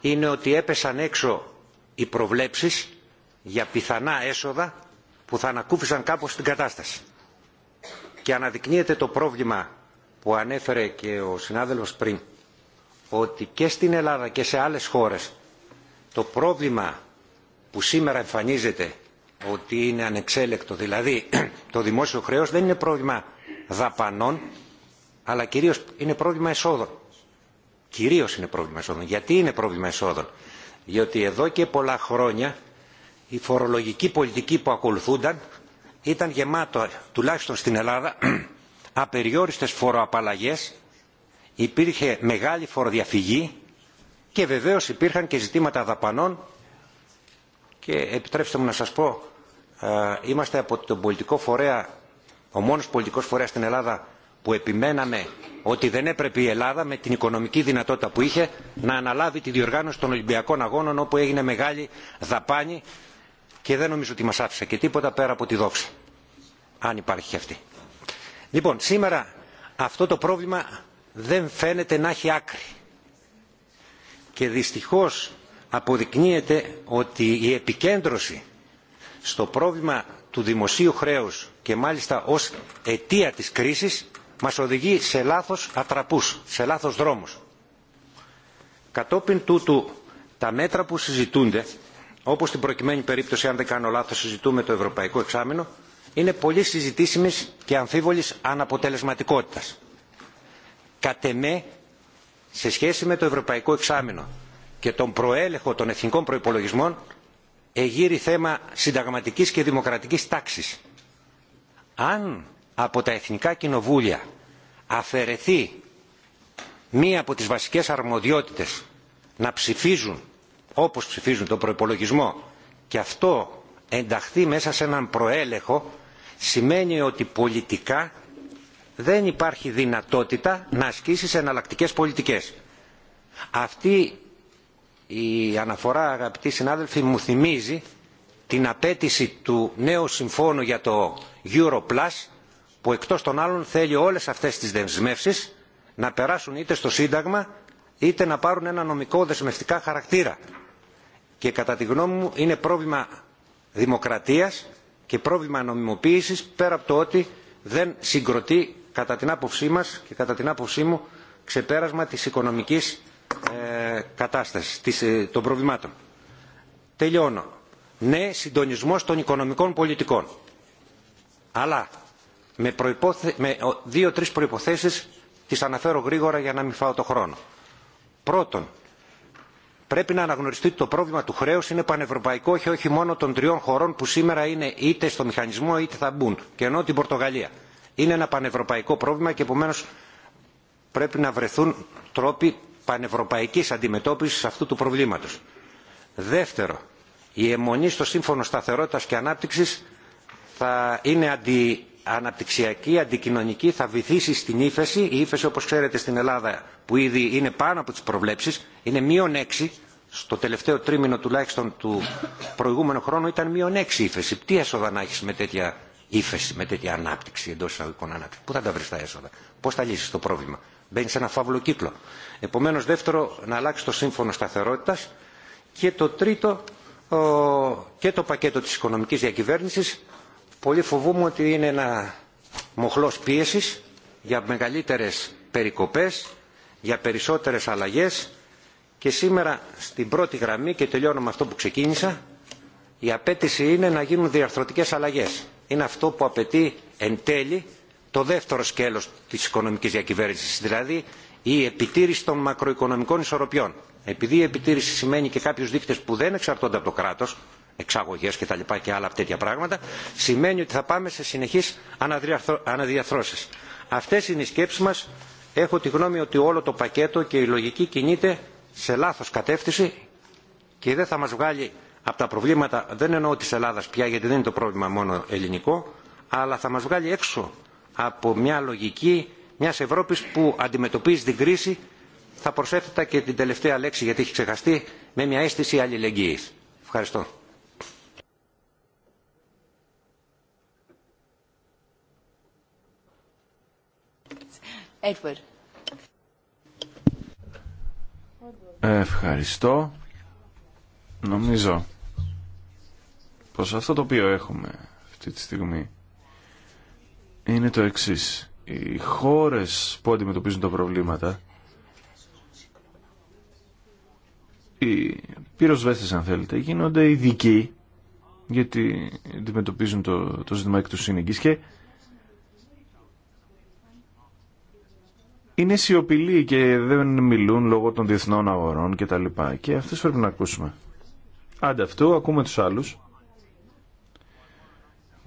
είναι ότι έπεσαν έξω οι προβλέψεις για πιθανά έσοδα που θα ανακούφισαν κάπως την κατάσταση. Και αναδεικνύεται το πρόβλημα που ανέφερε και ο συνάδελφος πριν, ότι και στην Ελλάδα και σε άλλες χώρες το πρόβλημα που σήμερα εμφανίζεται ότι είναι ανεξέλεκτο, δηλαδή [CLEARS THROAT] το δημόσιο χρέος δεν είναι πρόβλημα δαπανών, αλλά κυρίως είναι πρόβλημα εσόδων. Κυρίως είναι πρόβλημα εσόδων. Γιατί είναι πρόβλημα εσόδων. Διότι εδώ και πολλά χρόνια η φορολογική πολιτική που ακολουθούνταν ήταν γεμάτο, τουλάχιστον στην Ελλάδα, [CLEARS THROAT] απεριόριστες φοροαπαλλαγές, υπήρχε μεγάλη φοροδιαφυγή και βεβαίως υπήρχαν και ζητήματα δαπανών και επιτρέψτε μου να σας πω, ε, είμαστε από τον πολιτικό φορέα, ο μόνος πολιτικός φορέας στην Ελλάδα που επιμέναμε ότι δεν έπρεπε η Ελλάδα με την οικονομική δυνατότητα που είχε να αναλάβει τη διοργάνωση των Ολυμπιακών Αγώνων όπου έγινε μεγάλη δαπάνη και δεν νομίζω ότι μας άφησε και τίποτα πέρα από τη δόξα. Αν υπάρχει και αυτή. Λοιπόν, σήμερα αυτό το πρόβλημα δεν φαίνεται να έχει άκρη. Και δυστυχώς αποδεικνύεται ότι η επικέντρωση στο πρόβλημα του δημοσίου χρέους και μάλιστα ως αιτία της κρίσης μας οδηγεί σε λάθος ατραπούς, σε λάθος δρόμους. Κατόπιν τούτου τα μέτρα που συζητούνται όπω στην προκειμένη περίπτωση, αν δεν κάνω λάθο, συζητούμε το ευρωπαϊκό εξάμεινο, είναι πολύ συζητήσιμη και αμφίβολη αναποτελεσματικότητα. Κατ' εμέ, σε σχέση με το ευρωπαϊκό εξάμεινο και τον προέλεγχο των εθνικών προπολογισμών, εγείρει θέμα συνταγματική και δημοκρατική τάξη. Αν από τα εθνικά κοινοβούλια αφαιρεθεί μία από τι βασικέ αρμοδιότητε να ψηφίζουν όπως ψηφίζουν τον προϋπολογισμό και αυτό ενταχθεί μέσα σε έναν προέλεγχο σημαίνει ότι πολιτικά δεν υπάρχει δυνατότητα να ασκήσεις εναλλακτικές πολιτικές. Αυτή η αναφορά αγαπητοί συνάδελφοι μου θυμίζει την απέτηση του νέου συμφώνου για το Europlus που εκτός των άλλων θέλει όλες αυτές τις δεσμεύσεις να περάσουν είτε στο Σύνταγμα είτε να πάρουν ένα νομικό δεσμευτικά χαρακτήρα και κατά τη γνώμη μου είναι πρόβλημα δημοκρατίας και πρόβλημα νομιμοποίησης πέρα από το ότι δεν συγκροτεί κατά την άποψή μας και κατά την άποψή μου ξεπέρασμα της οικονομικής ε, κατάστασης, ε, των προβλημάτων. Τελειώνω. Ναι, συντονισμός των οικονομικών πολιτικών. Αλλά με, με δύο-τρεις προϋποθέσεις τις αναφέρω γρήγορα για να μην φάω το χρόνο. Πρώτον, πρέπει να αναγνωριστεί ότι το πρόβλημα του χρέου είναι πανευρωπαϊκό και όχι μόνο των τριών χωρών που σήμερα είναι είτε στο μηχανισμό είτε θα μπουν. Και ενώ την Πορτογαλία. Είναι ένα πανευρωπαϊκό πρόβλημα και επομένω πρέπει να βρεθούν τρόποι πανευρωπαϊκής αντιμετώπισης αυτού του προβλήματος. Δεύτερο, η αιμονή στο Σύμφωνο Σταθερότητας και Ανάπτυξης θα είναι αντι η αναπτυξιακή, αντικοινωνική θα βυθίσει στην ύφεση. Η ύφεση όπως ξέρετε στην Ελλάδα που ήδη είναι πάνω από τις προβλέψεις είναι μείον 6. Στο τελευταίο τρίμηνο τουλάχιστον του προηγούμενου χρόνου ήταν μείον 6 ύφεση. Τι έσοδα να έχει με τέτοια ύφεση, με τέτοια ανάπτυξη εντό εισαγωγικών ανάπτυξη. Πού θα τα βρει τα έσοδα, πώ θα λύσει το πρόβλημα. Μπαίνει σε ένα φαύλο κύκλο. Επομένω, δεύτερο, να αλλάξει το σύμφωνο σταθερότητα. Και το τρίτο, και το πακέτο της οικονομικής διακυβέρνησης πολύ φοβούμαι ότι είναι ένα μοχλός πίεσης για μεγαλύτερες περικοπές, για περισσότερες αλλαγές και σήμερα στην πρώτη γραμμή και τελειώνω με αυτό που ξεκίνησα η απέτηση είναι να γίνουν διαρθρωτικές αλλαγές. Είναι αυτό που απαιτεί εν τέλει το δεύτερο σκέλος της οικονομικής διακυβέρνησης, δηλαδή η επιτήρηση των μακροοικονομικών ισορροπιών. Επειδή η επιτήρηση σημαίνει και κάποιους δείκτες που δεν εξαρτώνται από το κράτος, εξαγωγές και τα λοιπά και άλλα τέτοια πράγματα, σημαίνει ότι θα πάμε σε συνεχείς αναδιαθρώσεις. Αυτές είναι οι σκέψεις μας. Έχω τη γνώμη ότι όλο το πακέτο και η λογική κινείται σε λάθος κατεύθυνση και δεν θα μας βγάλει από τα προβλήματα, δεν εννοώ της Ελλάδας πια γιατί δεν είναι το πρόβλημα μόνο ελληνικό, αλλά θα μας βγάλει έξω από μια λογική μιας Ευρώπης που αντιμετωπίζει την κρίση θα προσέθετα και την τελευταία λέξη γιατί έχει ξεχαστεί με μια αίσθηση αλληλεγγύης. Ευχαριστώ. Ευχαριστώ. Νομίζω πως αυτό το οποίο έχουμε αυτή τη στιγμή είναι το εξής. Οι χώρες που αντιμετωπίζουν τα προβλήματα οι πυροσβέστες αν θέλετε γίνονται ειδικοί γιατί αντιμετωπίζουν το, το ζήτημα εκ του συνεγγύς και είναι σιωπηλοί και δεν μιλούν λόγω των διεθνών αγορών και τα λοιπά. Και αυτούς πρέπει να ακούσουμε. Άντε αυτού ακούμε τους άλλους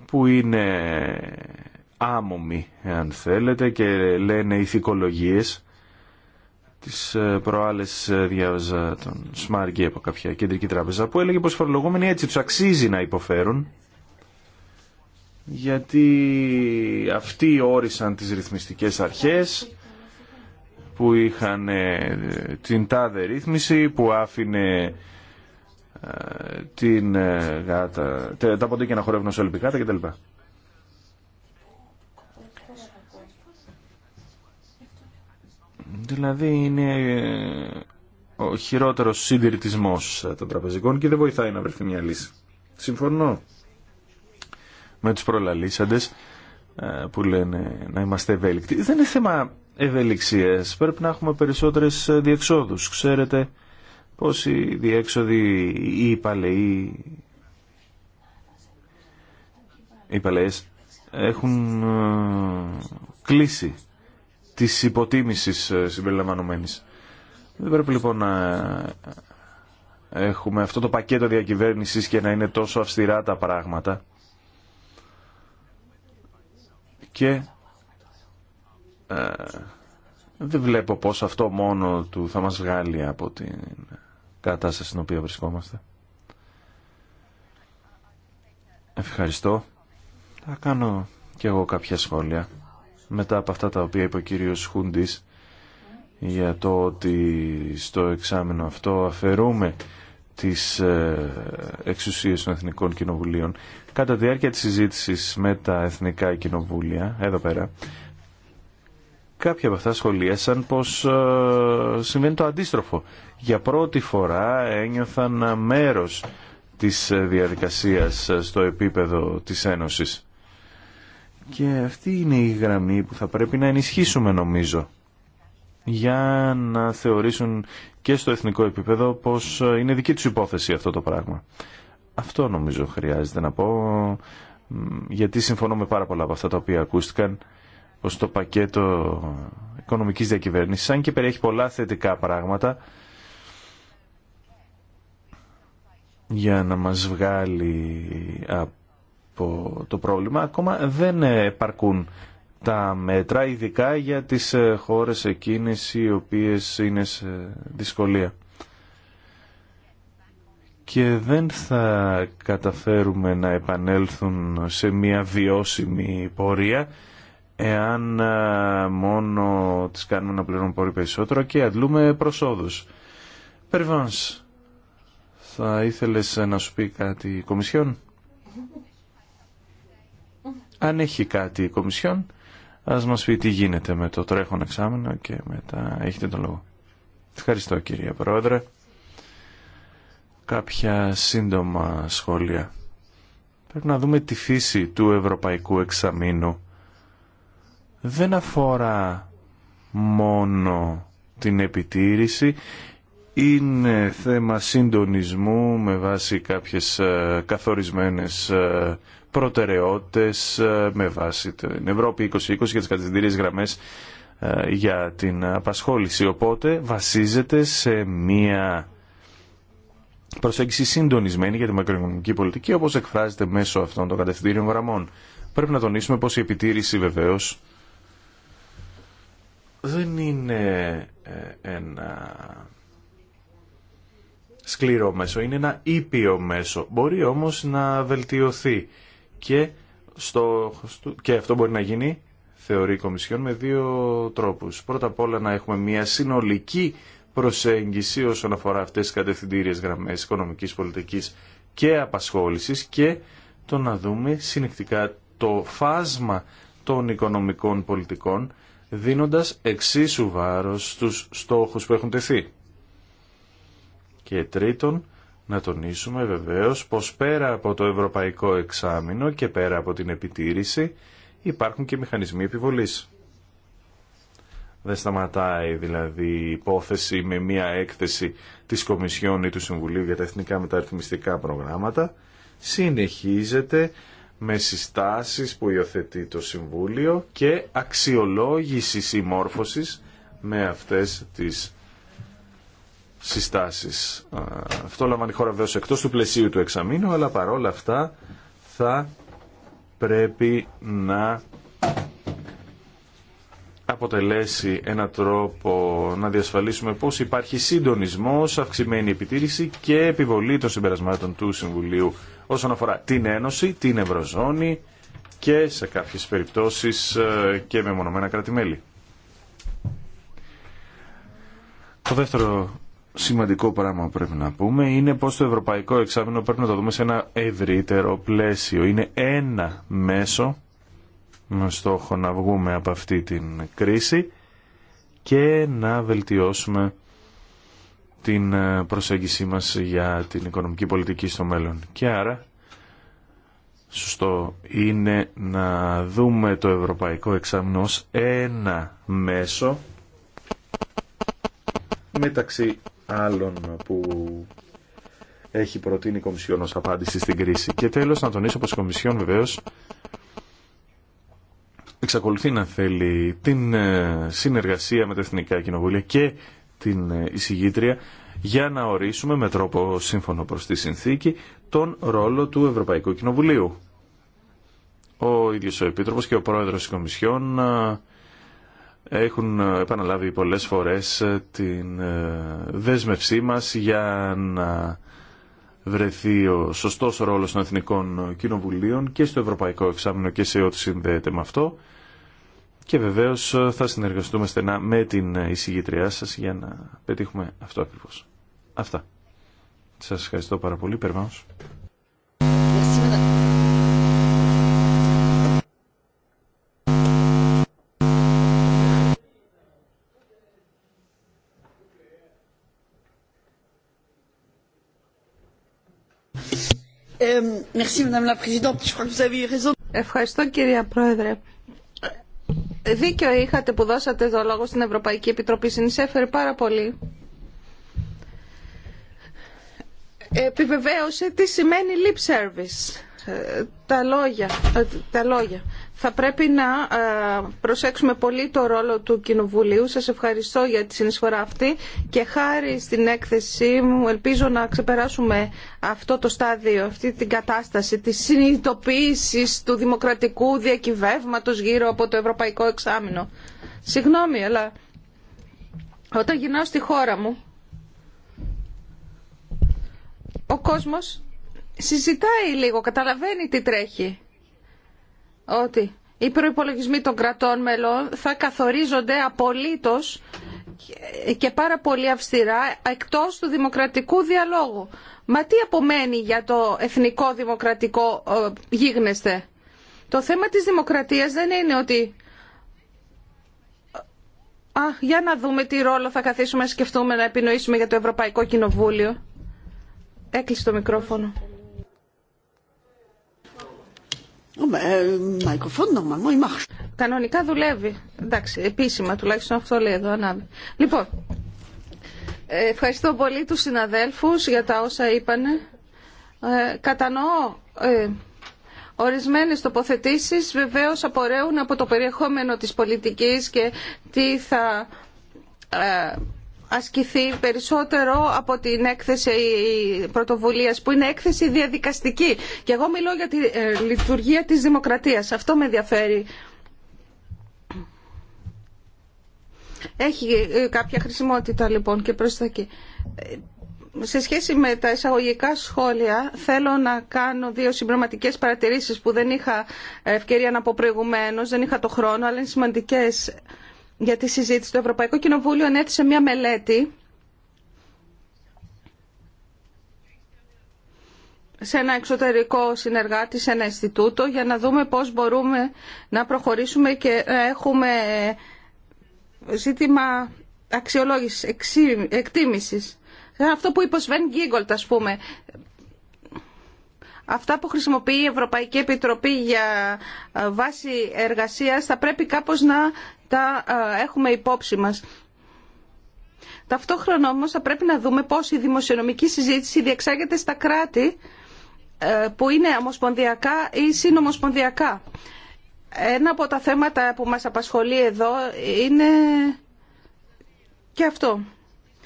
που είναι άμομοι, αν θέλετε, και λένε ηθικολογίες. Τις ε, προάλλες ε, διάβαζα τον Σμάργκη από κάποια κεντρική τράπεζα που έλεγε πως φορολογούμενοι έτσι τους αξίζει να υποφέρουν γιατί αυτοί όρισαν τις ρυθμιστικές αρχές που είχαν ε, την τάδε ρύθμιση που άφηνε ε, την ε, γάτα, τα ποντίκια να χορεύουν σε ολυμπικά κτλ. Δηλαδή είναι ο χειρότερος συντηρητισμός των τραπεζικών και δεν βοηθάει να βρεθεί μια λύση. Συμφωνώ με τους προλαλήσαντες που λένε να είμαστε ευέλικτοι. Δεν είναι θέμα ευελιξίες. Πρέπει να έχουμε περισσότερες διεξόδους. Ξέρετε πως οι διέξοδοι, οι παλαιοί οι παλαιές έχουν ε, κλείσει της υποτίμησης ε, συμπεριλαμβανομένης. Δεν πρέπει λοιπόν να έχουμε αυτό το πακέτο διακυβέρνησης και να είναι τόσο αυστηρά τα πράγματα. Και ε, δεν βλέπω πως αυτό μόνο του θα μας βγάλει από την κατάσταση στην οποία βρισκόμαστε. Ευχαριστώ. Θα κάνω και εγώ κάποια σχόλια μετά από αυτά τα οποία είπε ο κύριος Χούντης για το ότι στο εξάμεινο αυτό αφαιρούμε τις ε, εξουσίες των Εθνικών Κοινοβουλίων. Κατά τη διάρκεια της συζήτησης με τα Εθνικά Κοινοβούλια, εδώ πέρα, Κάποια από αυτά σχολίασαν πως ε, συμβαίνει το αντίστροφο. Για πρώτη φορά ένιωθαν μέρος της ε, διαδικασίας ε, στο επίπεδο της Ένωσης. Και αυτή είναι η γραμμή που θα πρέπει να ενισχύσουμε νομίζω για να θεωρήσουν και στο εθνικό επίπεδο πως είναι δική τους υπόθεση αυτό το πράγμα. Αυτό νομίζω χρειάζεται να πω γιατί συμφωνώ με πάρα πολλά από αυτά τα οποία ακούστηκαν ως το πακέτο οικονομικής διακυβέρνησης, αν και περιέχει πολλά θετικά πράγματα για να μας βγάλει από το πρόβλημα, ακόμα δεν επαρκούν τα μέτρα, ειδικά για τις ε, χώρες εκείνες οι οποίες είναι σε δυσκολία. Και δεν θα καταφέρουμε να επανέλθουν σε μια βιώσιμη πορεία εάν ε, μόνο τις κάνουμε να πληρώνουν πολύ περισσότερο και αντλούμε προσόδους. Περβάνς, θα ήθελες να σου πει κάτι η Κομισιόν? Αν έχει κάτι η Κομισιόν, ας μας πει τι γίνεται με το τρέχον εξάμεινο και μετά έχετε τον λόγο. Ευχαριστώ κυρία Πρόεδρε. Κάποια σύντομα σχόλια. Πρέπει να δούμε τη φύση του ευρωπαϊκού εξαμήνου δεν αφορά μόνο την επιτήρηση, είναι θέμα συντονισμού με βάση κάποιες ε, καθορισμένες ε, προτεραιότητες, ε, με βάση την Ευρώπη 2020 και τις κατευθυντήριες γραμμές για την απασχόληση. Οπότε βασίζεται σε μία προσέγγιση συντονισμένη για τη μακροοικονομική πολιτική, όπως εκφράζεται μέσω αυτών των κατευθυντήριων γραμμών. Πρέπει να τονίσουμε πως η επιτήρηση βεβαίως δεν είναι ε, ένα σκληρό μέσο, είναι ένα ήπιο μέσο. Μπορεί όμως να βελτιωθεί και, στο, και αυτό μπορεί να γίνει, θεωρεί η Κομισιόν, με δύο τρόπους. Πρώτα απ' όλα να έχουμε μια συνολική προσέγγιση όσον αφορά αυτές τις κατευθυντήριες γραμμές οικονομικής πολιτικής και απασχόλησης και το να δούμε συνεκτικά το φάσμα των οικονομικών πολιτικών δίνοντας εξίσου βάρος στους στόχους που έχουν τεθεί. Και τρίτον, να τονίσουμε βεβαίως πως πέρα από το ευρωπαϊκό εξάμεινο και πέρα από την επιτήρηση υπάρχουν και μηχανισμοί επιβολής. Δεν σταματάει δηλαδή η υπόθεση με μία έκθεση της Κομισιόν ή του Συμβουλίου για τα Εθνικά Μεταρρυθμιστικά Προγράμματα. Συνεχίζεται με συστάσεις που υιοθετεί το Συμβούλιο και αξιολόγηση συμμόρφωσης με αυτές τις συστάσεις. Αυτό λαμβάνει χώρα βεβαίως εκτός του πλαισίου του εξαμήνου, αλλά παρόλα αυτά θα πρέπει να αποτελέσει ένα τρόπο να διασφαλίσουμε πως υπάρχει συντονισμός, αυξημένη επιτήρηση και επιβολή των συμπερασμάτων του Συμβουλίου όσον αφορά την Ένωση, την Ευρωζώνη και σε κάποιες περιπτώσεις ε, και με μονομένα Το δεύτερο σημαντικό πράγμα που πρέπει να πούμε είναι πως το ευρωπαϊκό εξάμεινο πρέπει να το δούμε σε ένα ευρύτερο πλαίσιο. Είναι ένα μέσο με στόχο να βγούμε από αυτή την κρίση και να βελτιώσουμε την ε, προσέγγιση μας για την οικονομική πολιτική στο μέλλον. Και άρα, σωστό είναι να δούμε το ευρωπαϊκό εξάμεινο ένα μέσο μεταξύ άλλων που έχει προτείνει η Κομισιόν ως απάντηση στην κρίση. Και τέλος να τονίσω πως η Κομισιόν βεβαίως εξακολουθεί να θέλει την ε, συνεργασία με τα Εθνικά Κοινοβούλια και την ε, εισηγήτρια για να ορίσουμε με τρόπο σύμφωνο προς τη συνθήκη τον ρόλο του Ευρωπαϊκού Κοινοβουλίου. Ο ίδιος ο Επίτροπος και ο Πρόεδρος της Κομισιόν ε, έχουν επαναλάβει πολλές φορές την δέσμευσή μας για να βρεθεί ο σωστός ρόλος των Εθνικών Κοινοβουλίων και στο Ευρωπαϊκό Εξάμεινο και σε ό,τι συνδέεται με αυτό. Και βεβαίως ε, θα συνεργαστούμε στενά με την εισηγητριά σας για να πετύχουμε αυτό ακριβώς. Αυτά. Σας ευχαριστώ πάρα πολύ. Περνάω. Ευχαριστώ κυρία Πρόεδρε. Δίκιο είχατε που δώσατε το λόγο στην Ευρωπαϊκή Επιτροπή. Συνεισέφερε πάρα πολύ. Επιβεβαίωσε τι σημαίνει lip service. Ε, τα λόγια. Ε, τα λόγια. Θα πρέπει να ε, προσέξουμε πολύ το ρόλο του Κοινοβουλίου. Σας ευχαριστώ για τη συνεισφορά αυτή και χάρη στην έκθεσή μου ελπίζω να ξεπεράσουμε αυτό το στάδιο, αυτή την κατάσταση της συνειδητοποίηση του δημοκρατικού διακυβεύματος γύρω από το Ευρωπαϊκό Εξάμεινο. Συγγνώμη, αλλά όταν γυρνάω στη χώρα μου, ο κόσμος συζητάει λίγο, καταλαβαίνει τι τρέχει ότι οι προϋπολογισμοί των κρατών μελών θα καθορίζονται απολύτως και πάρα πολύ αυστηρά εκτός του δημοκρατικού διαλόγου. Μα τι απομένει για το εθνικό δημοκρατικό ε, γίγνεσθε. Το θέμα της δημοκρατίας δεν είναι ότι Α, για να δούμε τι ρόλο θα καθίσουμε να σκεφτούμε να επινοήσουμε για το Ευρωπαϊκό Κοινοβούλιο. Έκλεισε το μικρόφωνο. Ε, Κανονικά δουλεύει. Εντάξει, επίσημα τουλάχιστον αυτό λέει εδώ ανάβει. Λοιπόν, ε, ευχαριστώ πολύ τους συναδέλφους για τα όσα είπανε. Ε, κατανοώ ε, ορισμένες τοποθετήσεις βεβαίως απορρέουν από το περιεχόμενο της πολιτικής και τι θα... Ε, ασκηθεί περισσότερο από την έκθεση πρωτοβουλίας που είναι έκθεση διαδικαστική και εγώ μιλώ για τη ε, λειτουργία της δημοκρατίας. Αυτό με ενδιαφέρει. Έχει ε, κάποια χρησιμότητα λοιπόν και προς τα εκεί. Ε, σε σχέση με τα εισαγωγικά σχόλια θέλω να κάνω δύο συμπληρωματικές παρατηρήσεις που δεν είχα ευκαιρία να πω προηγουμένως, δεν είχα το χρόνο, αλλά είναι σημαντικές για τη συζήτηση. Το Ευρωπαϊκό Κοινοβούλιο ανέθεσε μια μελέτη σε ένα εξωτερικό συνεργάτη, σε ένα Ινστιτούτο, για να δούμε πώς μπορούμε να προχωρήσουμε και να έχουμε ζήτημα αξιολόγησης, εκτίμησης. Αυτό που είπε ο Σβέν Γκίγκολτ, πούμε, αυτά που χρησιμοποιεί η Ευρωπαϊκή Επιτροπή για ε, βάση εργασίας θα πρέπει κάπως να τα ε, έχουμε υπόψη μας. Ταυτόχρονα όμως θα πρέπει να δούμε πώς η δημοσιονομική συζήτηση διεξάγεται στα κράτη ε, που είναι ομοσπονδιακά ή συνομοσπονδιακά. Ένα από τα θέματα που μας απασχολεί εδώ είναι και αυτό.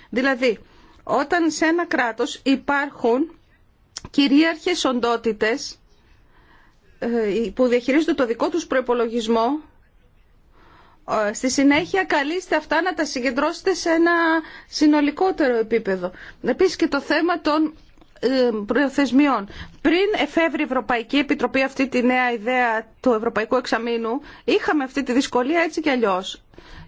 Δηλαδή, όταν σε ένα κράτος υπάρχουν κυρίαρχες οντότητες ε, που διαχειρίζονται το δικό τους προϋπολογισμό ε, στη συνέχεια καλείστε αυτά να τα συγκεντρώσετε σε ένα συνολικότερο επίπεδο. Επίσης και το θέμα των ε, προθεσμιών. Πριν εφεύρει η Ευρωπαϊκή Επιτροπή αυτή τη νέα ιδέα του Ευρωπαϊκού Εξαμήνου, είχαμε αυτή τη δυσκολία έτσι κι αλλιώς.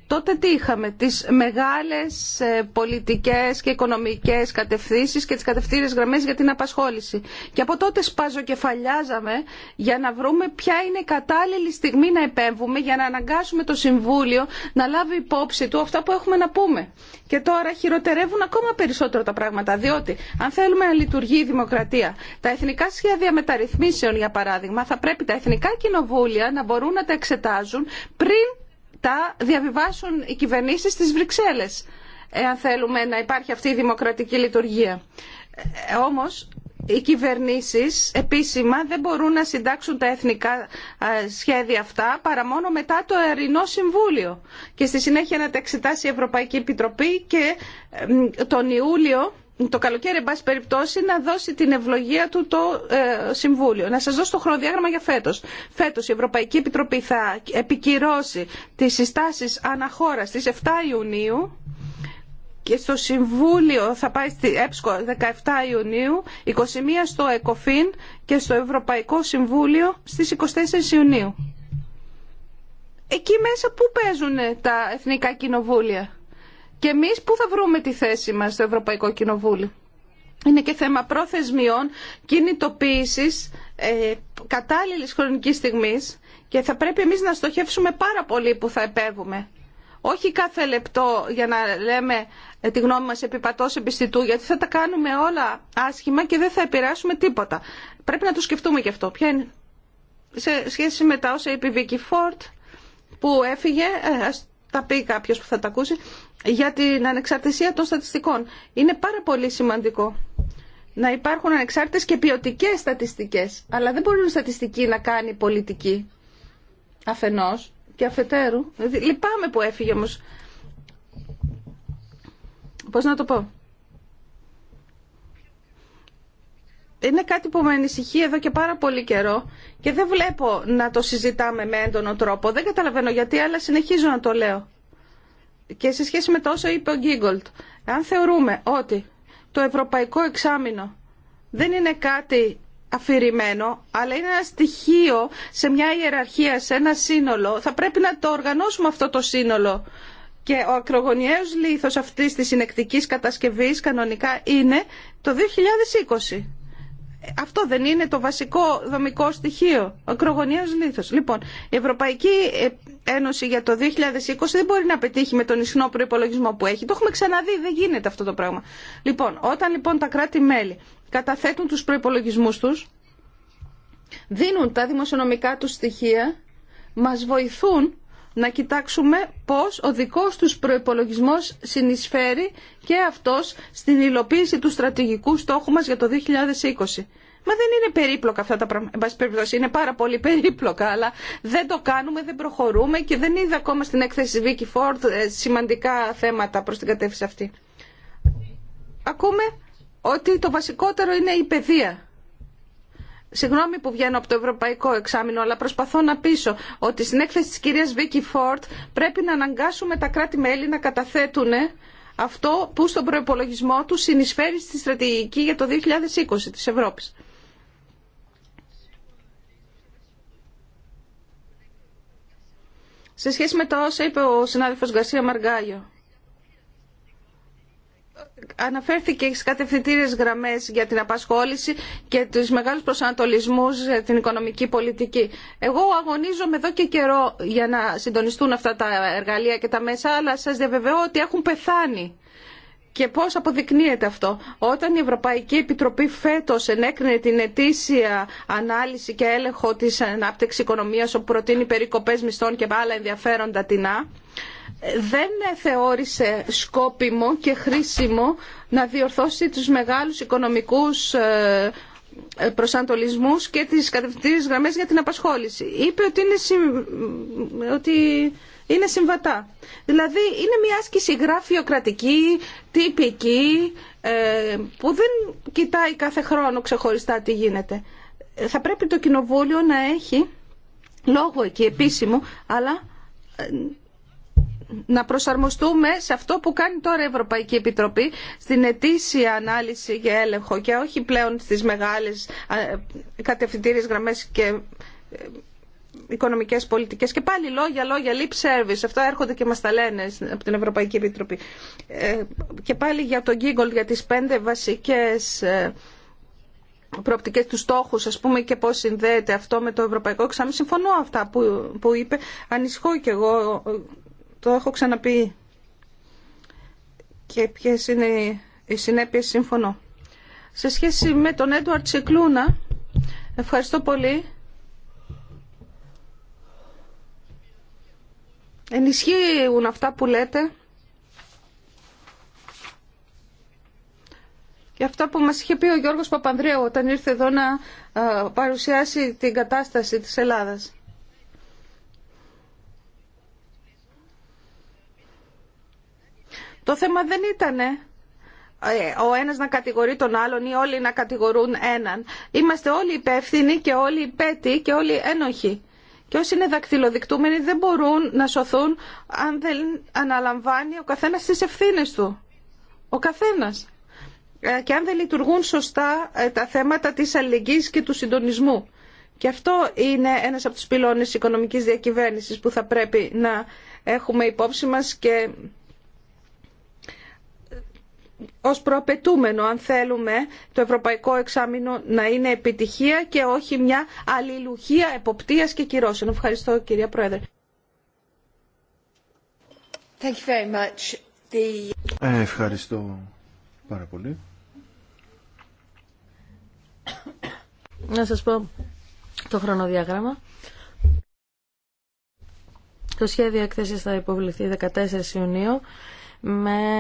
Τότε τι είχαμε, τις μεγάλες ε, πολιτικές και οικονομικές κατευθύνσεις και τις κατευθύνες γραμμές για την απασχόληση. Και από τότε σπαζοκεφαλιάζαμε για να βρούμε ποια είναι η κατάλληλη στιγμή να επέμβουμε, για να αναγκάσουμε το Συμβούλιο να λάβει υπόψη του αυτά που έχουμε να πούμε. Και τώρα χειροτερεύουν ακόμα περισσότερο τα πράγματα, διότι αν θέλουμε να λειτουργεί η δημοκρατία, τα εθνικά σχέδια μεταρρυθμίσεων, για παράδειγμα, θα πρέπει τα εθνικά κοινοβούλια να μπορούν να τα εξετάζουν πριν τα διαβιβάσουν οι κυβερνήσεις στις Βρυξέλλες, εάν θέλουμε να υπάρχει αυτή η δημοκρατική λειτουργία. Ε, όμως, οι κυβερνήσεις επίσημα δεν μπορούν να συντάξουν τα εθνικά ε, σχέδια αυτά παρά μόνο μετά το Ερηνό Συμβούλιο και στη συνέχεια να τα εξετάσει η Ευρωπαϊκή Επιτροπή και ε, τον Ιούλιο το καλοκαίρι, εν πάση περιπτώσει, να δώσει την ευλογία του το ε, Συμβούλιο. Να σα δώσω το χρονοδιάγραμμα για φέτος. Φέτος η Ευρωπαϊκή Επιτροπή θα επικυρώσει τις συστάσεις αναχώρα στι 7 Ιουνίου και στο Συμβούλιο θα πάει στη ΕΠΣΚΟ 17 Ιουνίου, 21 στο ΕΚΟΦΗΝ και στο Ευρωπαϊκό Συμβούλιο στις 24 Ιουνίου. Εκεί μέσα πού παίζουν τα εθνικά κοινοβούλια. Και εμεί ε, που θα επέβουμε. και θεμα προθεσμιων κινητοποίηση ε καταλληλης χρονικης στιγμης και θα πρεπει εμεί να στοχευσουμε παρα λεπτό για να λέμε ε, τη γνώμη μας επιπατός εμπιστητού, γιατί θα τα κάνουμε όλα άσχημα και δεν θα επηρεάσουμε τίποτα. Πρέπει να το σκεφτούμε και αυτό. σε σχέση με τα όσα είπε η Βίκη Φόρτ που έφυγε, ε, τα πει κάποιο που θα τα ακούσει, για την ανεξαρτησία των στατιστικών. Είναι πάρα πολύ σημαντικό να υπάρχουν ανεξάρτητες και ποιοτικέ στατιστικέ. Αλλά δεν μπορεί η στατιστική να κάνει πολιτική αφενός και αφετέρου. Δηλαδή, λυπάμαι που έφυγε όμω. Πώ να το πω. είναι κάτι που με ανησυχεί εδώ και πάρα πολύ καιρό και δεν βλέπω να το συζητάμε με έντονο τρόπο. Δεν καταλαβαίνω γιατί, αλλά συνεχίζω να το λέω. Και σε σχέση με το όσο είπε ο Γκίγκολτ, αν θεωρούμε ότι το ευρωπαϊκό εξάμεινο δεν είναι κάτι αφηρημένο, αλλά είναι ένα στοιχείο σε μια ιεραρχία, σε ένα σύνολο, θα πρέπει να το οργανώσουμε αυτό το σύνολο. Και ο ακρογωνιαίος λήθος αυτής της συνεκτικής κατασκευής κανονικά είναι το 2020. Αυτό δεν είναι το βασικό δομικό στοιχείο, ο λήθος. Λοιπόν, η Ευρωπαϊκή Ένωση για το 2020 δεν μπορεί να πετύχει με τον ισχυρό προπολογισμό που έχει. Το έχουμε ξαναδεί, δεν γίνεται αυτό το πράγμα. Λοιπόν, όταν λοιπόν τα κράτη-μέλη καταθέτουν τους προπολογισμού τους, δίνουν τα δημοσιονομικά του στοιχεία, μα βοηθούν να κοιτάξουμε πώς ο δικός τους προϋπολογισμός συνεισφέρει και αυτός στην υλοποίηση του στρατηγικού στόχου μας για το 2020. Μα δεν είναι περίπλοκα αυτά τα πράγματα. Είναι πάρα πολύ περίπλοκα, αλλά δεν το κάνουμε, δεν προχωρούμε και δεν είδα ακόμα στην έκθεση Vicky Ford ε, σημαντικά θέματα προς την κατεύθυνση αυτή. Ακούμε ότι το βασικότερο είναι η παιδεία. Συγγνώμη που βγαίνω από το Ευρωπαϊκό Εξάμεινο, αλλά προσπαθώ να πείσω ότι στην έκθεση της κυρίας Βίκη Φόρτ πρέπει να αναγκάσουμε τα κράτη-μέλη να καταθέτουν αυτό που στον προπολογισμό του συνεισφέρει στη στρατηγική για το 2020 της Ευρώπης. Σε σχέση με το όσα είπε ο συνάδελφος Γκαρσία Μαργκάγιο αναφέρθηκε στις κατευθυντήριες γραμμές για την απασχόληση και τους μεγάλους προσανατολισμούς για την οικονομική πολιτική. Εγώ αγωνίζομαι εδώ και καιρό για να συντονιστούν αυτά τα εργαλεία και τα μέσα, αλλά σας διαβεβαιώ ότι έχουν πεθάνει. Και πώς αποδεικνύεται αυτό. Όταν η Ευρωπαϊκή Επιτροπή φέτος ενέκρινε την ετήσια ανάλυση και έλεγχο της ανάπτυξης οικονομίας όπου προτείνει περικοπές μισθών και άλλα ενδιαφέροντα τεινά, δεν θεώρησε σκόπιμο και χρήσιμο να διορθώσει τους μεγάλους οικονομικούς ε, ε, προσαντολισμούς και τις κατευθυντήριες γραμμές για την απασχόληση. Είπε ότι είναι, ότι είναι συμβατά. Δηλαδή είναι μια άσκηση γραφειοκρατική, τυπική, ε, που δεν κοιτάει κάθε χρόνο ξεχωριστά τι γίνεται. Θα πρέπει το Κοινοβούλιο να έχει λόγο εκεί επίσημο, αλλά να προσαρμοστούμε σε αυτό που κάνει τώρα η Ευρωπαϊκή Επιτροπή στην ετήσια ανάλυση και έλεγχο και όχι πλέον στις μεγάλες κατευθυντήριες γραμμές και ε, οικονομικές πολιτικές και πάλι λόγια, λόγια, lip service αυτά έρχονται και μας τα λένε από την Ευρωπαϊκή Επιτροπή ε, και πάλι για τον Google, για τις πέντε βασικές ε, προοπτικές του στόχου, ας πούμε και πώς συνδέεται αυτό με το Ευρωπαϊκό Εξάμεινο συμφωνώ αυτά που, που είπε ανησυχώ και εγώ το έχω ξαναπεί και ποιε είναι οι συνέπειες συμφωνώ. Σε σχέση με τον Έντουαρτ Σικλούνα, ευχαριστώ πολύ. Ενισχύουν αυτά που λέτε και αυτά που μας είχε πει ο Γιώργος Παπανδρέου όταν ήρθε εδώ να ε, παρουσιάσει την κατάσταση της Ελλάδας. θέμα δεν ήταν ε, ο ένας να κατηγορεί τον άλλον ή όλοι να κατηγορούν έναν. Είμαστε όλοι υπεύθυνοι και όλοι υπέτοι και όλοι ένοχοι. Και όσοι είναι δακτυλοδεικτούμενοι δεν μπορούν να σωθούν αν δεν αναλαμβάνει ο καθένας τις ευθύνες του. Ο καθένας. Ε, και αν δεν λειτουργούν σωστά ε, τα θέματα της αλληλεγγύης και του συντονισμού. Και αυτό είναι ένας από τους πυλώνες οικονομικής διακυβέρνησης που θα πρέπει να έχουμε υπόψη μας ως προαπαιτούμενο αν θέλουμε το ευρωπαϊκό εξάμεινο να είναι επιτυχία και όχι μια αλληλουχία εποπτείας και κυρώσεων. Ευχαριστώ κυρία Πρόεδρε. Thank you very much. Ευχαριστώ πάρα πολύ. Να σας πω το χρονοδιάγραμμα. Το σχέδιο έκθεσης θα υποβληθεί 14 Ιουνίου με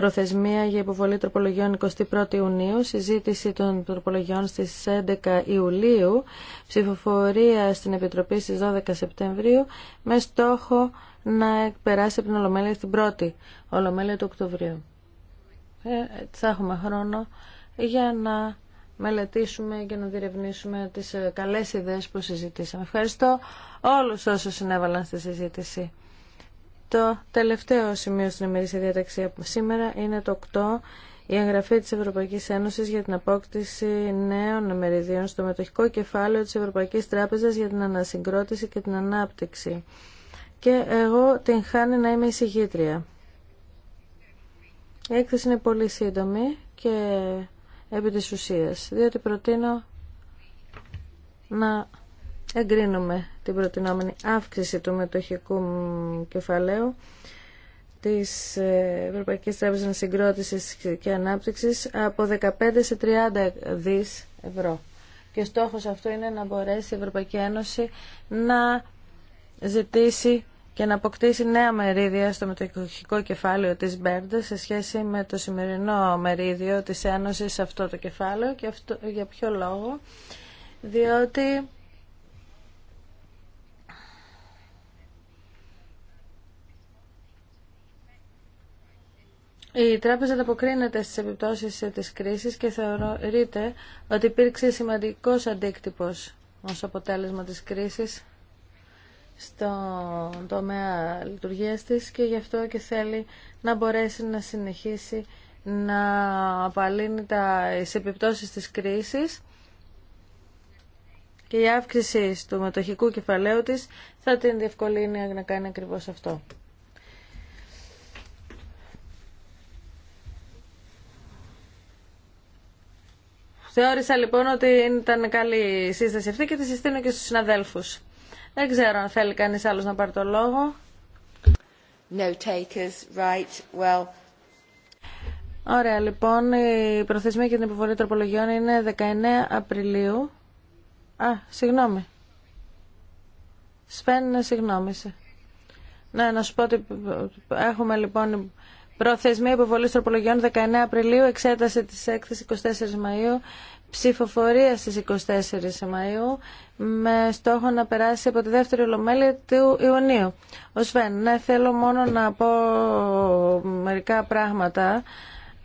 Προθεσμία για υποβολή τροπολογιών 21 Ιουνίου, συζήτηση των τροπολογιών στις 11 Ιουλίου, ψηφοφορία στην Επιτροπή στις 12 Σεπτεμβρίου, με στόχο να περάσει από την Ολομέλεια στην η Ολομέλεια του Οκτωβρίου. Ε, θα έχουμε χρόνο για να μελετήσουμε και να διερευνήσουμε τις ε, καλές ιδέες που συζητήσαμε. Ευχαριστώ όλους όσους συνέβαλαν στη συζήτηση. Το τελευταίο σημείο στην ημερήσια διαταξία από σήμερα είναι το 8. Η εγγραφή της Ευρωπαϊκής Ένωσης για την απόκτηση νέων εμεριδίων στο μετοχικό κεφάλαιο της Ευρωπαϊκής Τράπεζας για την ανασυγκρότηση και την ανάπτυξη. Και εγώ την χάνει να είμαι εισηγήτρια. Η έκθεση είναι πολύ σύντομη και επί της ουσίας, διότι προτείνω να εγκρίνουμε την προτινόμενη αύξηση του μετοχικού κεφαλαίου της ε, Ευρωπαϊκής Τράπεζας Συγκρότησης και Ανάπτυξης από 15 σε 30 δις ευρώ. Και στόχος αυτό είναι να μπορέσει η Ευρωπαϊκή Ένωση να ζητήσει και να αποκτήσει νέα μερίδια στο μετοχικό κεφάλαιο της Μπέρντα σε σχέση με το σημερινό μερίδιο της Ένωσης σε αυτό το κεφάλαιο και αυτό, για ποιο λόγο, διότι Η τράπεζα ανταποκρίνεται στις επιπτώσεις ε, της κρίσης και θεωρείται ότι υπήρξε σημαντικός αντίκτυπος ως αποτέλεσμα της κρίσης στον τομέα λειτουργίας της και γι' αυτό και θέλει να μπορέσει να συνεχίσει να απαλύνει τα επιπτώσεις της κρίσης και η αύξηση του μετοχικού κεφαλαίου της θα την διευκολύνει να κάνει ακριβώς αυτό. Θεώρησα λοιπόν ότι ήταν καλή η σύσταση αυτή και τη συστήνω και στους συναδέλφους. Δεν ξέρω αν θέλει κανείς άλλος να πάρει το λόγο. No takers, right, well. Ωραία, λοιπόν, η προθεσμία για την υποβολή τροπολογιών είναι 19 Απριλίου. Α, συγγνώμη. Σπέν, συγγνώμη. Ναι, να σου πω ότι έχουμε λοιπόν Προθεσμία υποβολή τροπολογιών 19 Απριλίου, εξέταση τη έκθεση 24 Μαου, ψηφοφορία στι 24 Μαΐου με στόχο να περάσει από τη δεύτερη ολομέλεια του Ιουνίου. Ο Σβέν, ναι, θέλω μόνο να πω μερικά πράγματα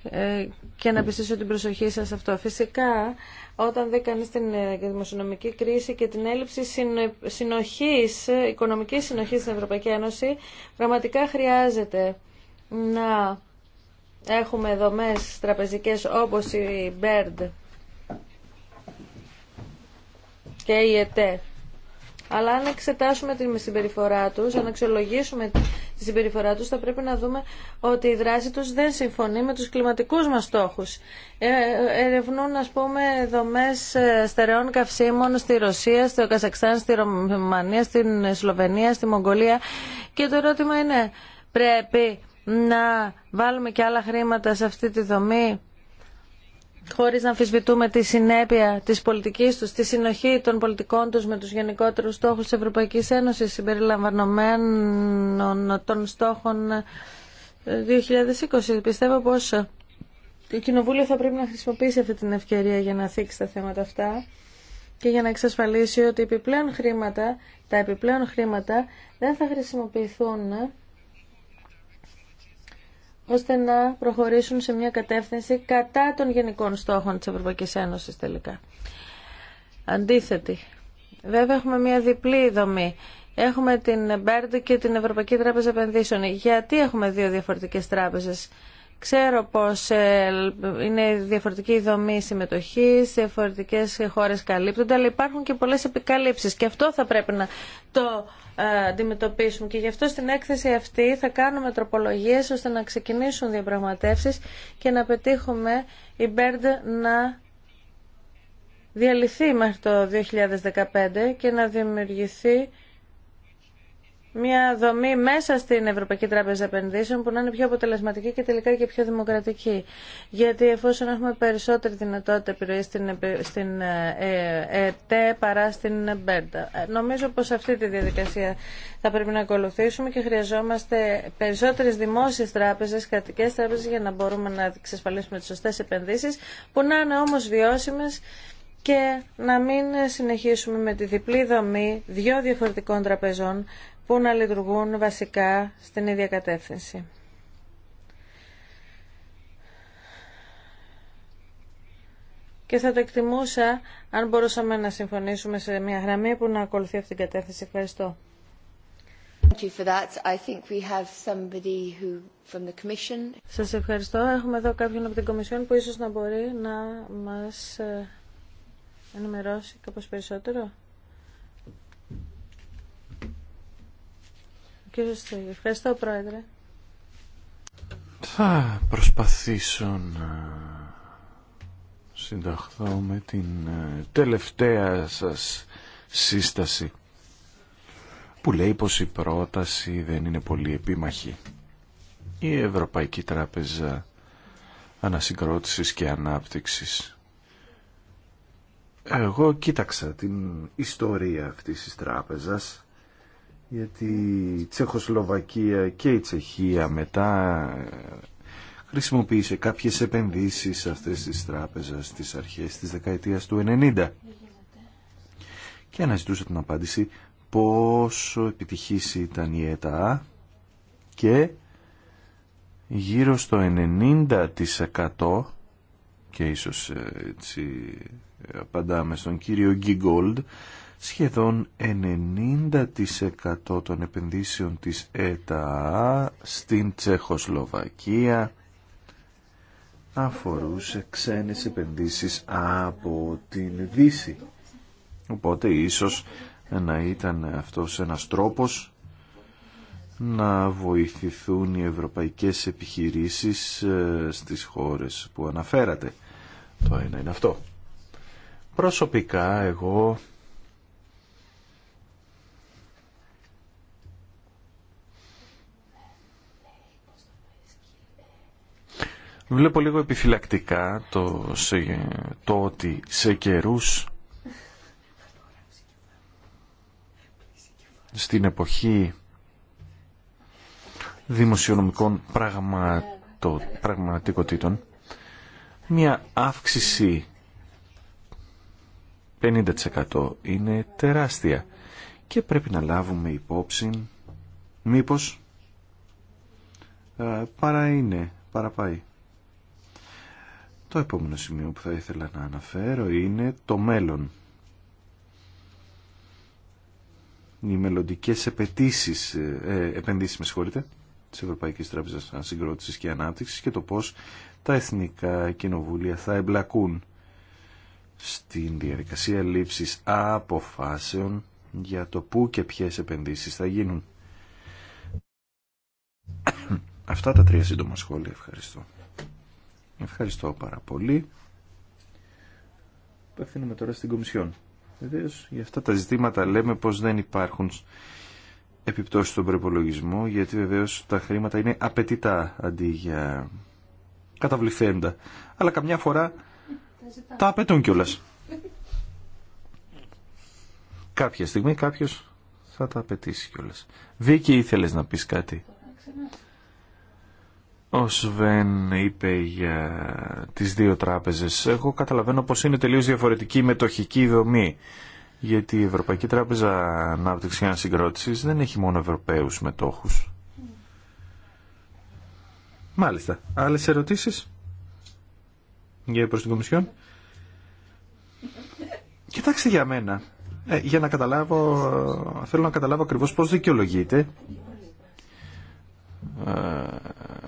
ε, και να πιστήσω την προσοχή σας αυτό. Φυσικά, όταν δει κανείς την ε, δημοσιονομική κρίση και την έλλειψη συνοχής, οικονομικής συνοχής στην Ευρωπαϊκή Ένωση, πραγματικά χρειάζεται να έχουμε δομές τραπεζικές όπως η Bird και η ΕΤΕ. E Αλλά αν εξετάσουμε την συμπεριφορά τους, αν αξιολογήσουμε τη συμπεριφορά τους, θα πρέπει να δούμε ότι η δράση τους δεν συμφωνεί με τους κλιματικούς μας στόχους. Ε, ερευνούν, ας πούμε, δομές ε, στερεών καυσίμων στη Ρωσία, στο Καζακστάν, στη Ρωμανία, στην Σλοβενία, στη Μογγολία. Και το ερώτημα είναι, πρέπει να βάλουμε και άλλα χρήματα σε αυτή τη δομή χωρίς να αμφισβητούμε τη συνέπεια της πολιτικής τους, τη συνοχή των πολιτικών τους με τους γενικότερους στόχους της Ευρωπαϊκής Ένωσης συμπεριλαμβανομένων των στόχων 2020. Ε, Πιστεύω πως ε, το Κοινοβούλιο θα πρέπει να χρησιμοποιήσει αυτή την ευκαιρία για να θίξει τα θέματα αυτά και για να εξασφαλίσει ότι επιπλέον χρήματα, τα επιπλέον χρήματα δεν θα χρησιμοποιηθούν ε, ώστε να προχωρήσουν σε μια κατεύθυνση κατά των γενικών στόχων της Ευρωπαϊκής Ένωσης τελικά. Αντίθετη. Βέβαια έχουμε μια διπλή δομή. Έχουμε την BERD και την Ευρωπαϊκή Τράπεζα Επενδύσεων. Γιατί έχουμε δύο διαφορετικές τράπεζες. Ξέρω πως ε, είναι διαφορετική η δομή συμμετοχής, διαφορετικές χώρες καλύπτονται, αλλά υπάρχουν και πολλές επικαλύψεις και αυτό θα πρέπει να το ε, αντιμετωπίσουμε και γι' αυτό στην έκθεση αυτή θα κάνουμε τροπολογίες ώστε να ξεκινήσουν διαπραγματεύσεις και να πετύχουμε η Μπέρντ να διαλυθεί μέχρι το 2015 και να δημιουργηθεί μια δομή μέσα στην Ευρωπαϊκή Τράπεζα Επενδύσεων που να είναι πιο αποτελεσματική και τελικά και πιο δημοκρατική. Γιατί εφόσον έχουμε περισσότερη δυνατότητα επιρροή στην, στην ε, ε, ΕΤΕ παρά στην ΜΠΕΡΤΑ. Ε, νομίζω πως αυτή τη διαδικασία θα πρέπει να ακολουθήσουμε και χρειαζόμαστε περισσότερες δημόσιες τράπεζες, κρατικές τράπεζες για να μπορούμε να εξασφαλίσουμε τις σωστές επενδύσεις που να είναι όμως βιώσιμες και να μην συνεχίσουμε με τη διπλή δομή δύο διαφορετικών τραπεζών που να λειτουργούν βασικά στην ίδια κατεύθυνση. Και θα το εκτιμούσα αν μπορούσαμε να συμφωνήσουμε σε μια γραμμή που να ακολουθεί αυτή την κατεύθυνση. Ευχαριστώ. Σας ευχαριστώ. Έχουμε εδώ κάποιον από την Κομισιόν που ίσως να μπορεί να μας ε, ενημερώσει κάπως περισσότερο. Κύριε ευχαριστώ Πρόεδρε. Θα προσπαθήσω να συνταχθώ με την ε, τελευταία σας σύσταση που λέει πως η πρόταση δεν είναι πολύ επίμαχη. Η Ευρωπαϊκή Τράπεζα Ανασυγκρότησης και Ανάπτυξης. Εγώ κοίταξα την ιστορία αυτής της τράπεζας γιατί η Τσεχοσλοβακία και η Τσεχία μετά χρησιμοποίησε κάποιες επενδύσεις σε αυτές τις τράπεζες στις αρχές της δεκαετίας του 90 και αναζητούσε την απάντηση πόσο επιτυχής ήταν η ΕΤΑ και γύρω στο 90% και ίσως έτσι απαντάμε στον κύριο Γκίγκολντ σχεδόν 90% των επενδύσεων της ΕΤΑ στην Τσεχοσλοβακία αφορούσε ξένες επενδύσεις από την Δύση. Οπότε ίσως να ήταν αυτός ένας τρόπος να βοηθηθούν οι ευρωπαϊκές επιχειρήσεις ε, στις χώρες που αναφέρατε. Το ένα είναι αυτό. Προσωπικά εγώ Βλέπω λίγο επιφυλακτικά το, το ότι σε καιρούς στην εποχή δημοσιονομικών πραγματο, πραγματικοτήτων μια αύξηση 50% είναι τεράστια και πρέπει να λάβουμε υπόψη μήπως ε, παρά είναι, παραπάει. Το επόμενο σημείο που θα ήθελα να αναφέρω είναι το μέλλον. Οι μελλοντικέ επενδύσεις, ε, επενδύσεις με συγχωρείτε, της Ευρωπαϊκής Τράπεζας και Ανάπτυξης και το πώς τα εθνικά κοινοβούλια θα εμπλακούν στην διαδικασία λήψης αποφάσεων για το πού και ποιες επενδύσεις θα γίνουν. [COUGHS] Αυτά τα τρία σύντομα σχόλια. Ευχαριστώ. Ευχαριστώ πάρα πολύ. Παθαίνουμε τώρα στην Κομισιόν. Βεβαίω, για αυτά τα ζητήματα λέμε πως δεν υπάρχουν επιπτώσεις στον προπολογισμό, γιατί βεβαίω τα χρήματα είναι απαιτητά αντί για καταβληθέντα. Αλλά καμιά φορά τα, απαιτούν κιόλα. Κάποια στιγμή κάποιος θα τα απαιτήσει κιόλα. Βίκυ, ήθελες να πεις κάτι. Ο Σβέν είπε για τις δύο τράπεζες. Εγώ καταλαβαίνω πως είναι τελείως διαφορετική η μετοχική δομή. Γιατί η Ευρωπαϊκή Τράπεζα Ανάπτυξη και Ανασυγκρότηση δεν έχει μόνο Ευρωπαίους μετόχους. Μάλιστα. Άλλες ερωτήσεις για προς την Κομισιόν. Κοιτάξτε για μένα. Ε, για να καταλάβω, θέλω να καταλάβω ακριβώς πώς δικαιολογείται ε,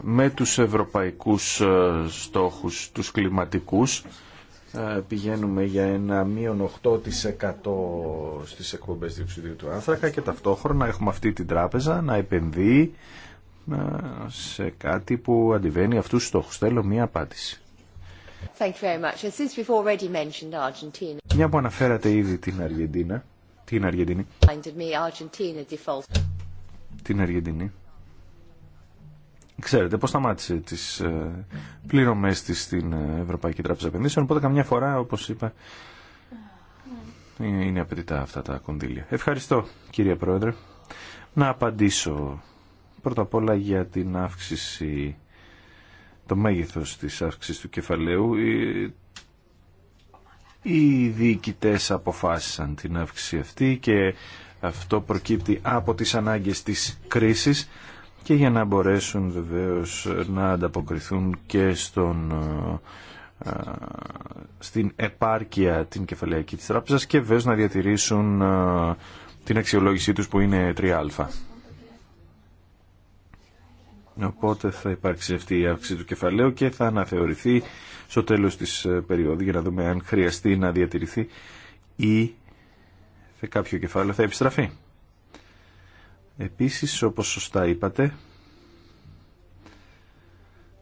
με τους ευρωπαϊκούς ε, στόχους, τους κλιματικούς. Ε, πηγαίνουμε για ένα μείον 8% στις εκπομπές διοξιδίου του άνθρακα και ταυτόχρονα έχουμε αυτή την τράπεζα να επενδύει σε κάτι που αντιβαίνει αυτούς τους στόχους. Θέλω μία απάντηση. Thank you very much. already mentioned Argentina... Μια που αναφέρατε ήδη την Αργεντίνα, την Αργεντινή. Την Αργεντινή. Ξέρετε πώς σταμάτησε τις ε, πληρωμές της στην ε, Ευρωπαϊκή Τράπεζα Επενδύσεων, οπότε καμιά φορά, όπως είπα, είναι απαιτητά αυτά τα κονδύλια. Ευχαριστώ, κύριε Πρόεδρε. Να απαντήσω πρώτα απ' όλα για την αύξηση, το μέγεθος της αύξησης του κεφαλαίου. Ε, οι διοικητέ αποφάσισαν την αύξηση αυτή και αυτό προκύπτει από τις ανάγκες της κρίσης και για να μπορέσουν βεβαίως να ανταποκριθούν και στον, ε, ε, στην επάρκεια την κεφαλαϊκή της τράπεζας και βεβαίως να διατηρήσουν ε, την αξιολόγησή τους που είναι 3α. Οπότε θα υπάρξει αυτή η αύξηση του κεφαλαίου και θα αναθεωρηθεί στο τέλος της περίοδου για να δούμε αν χρειαστεί να διατηρηθεί ή σε κάποιο κεφάλαιο θα επιστραφεί. Επίσης, όπως σωστά είπατε,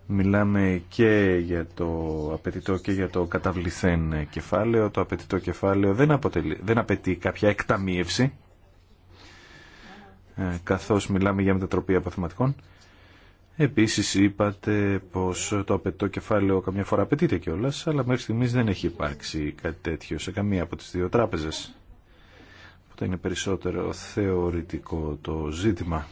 μιλάμε και για το απαιτητό και για το καταβληθέν κεφάλαιο. Το απαιτητό κεφάλαιο δεν, απαιτεί κάποια εκταμίευση, ε, καθώς μιλάμε για μετατροπή αποθεματικών. Επίσης είπατε πως το απαιτητό κεφάλαιο καμιά φορά απαιτείται κιόλα, αλλά μέχρι στιγμής δεν έχει υπάρξει κάτι τέτοιο σε καμία από τις δύο τράπεζες το είναι περισσότερο θεωρητικό το ζήτημα.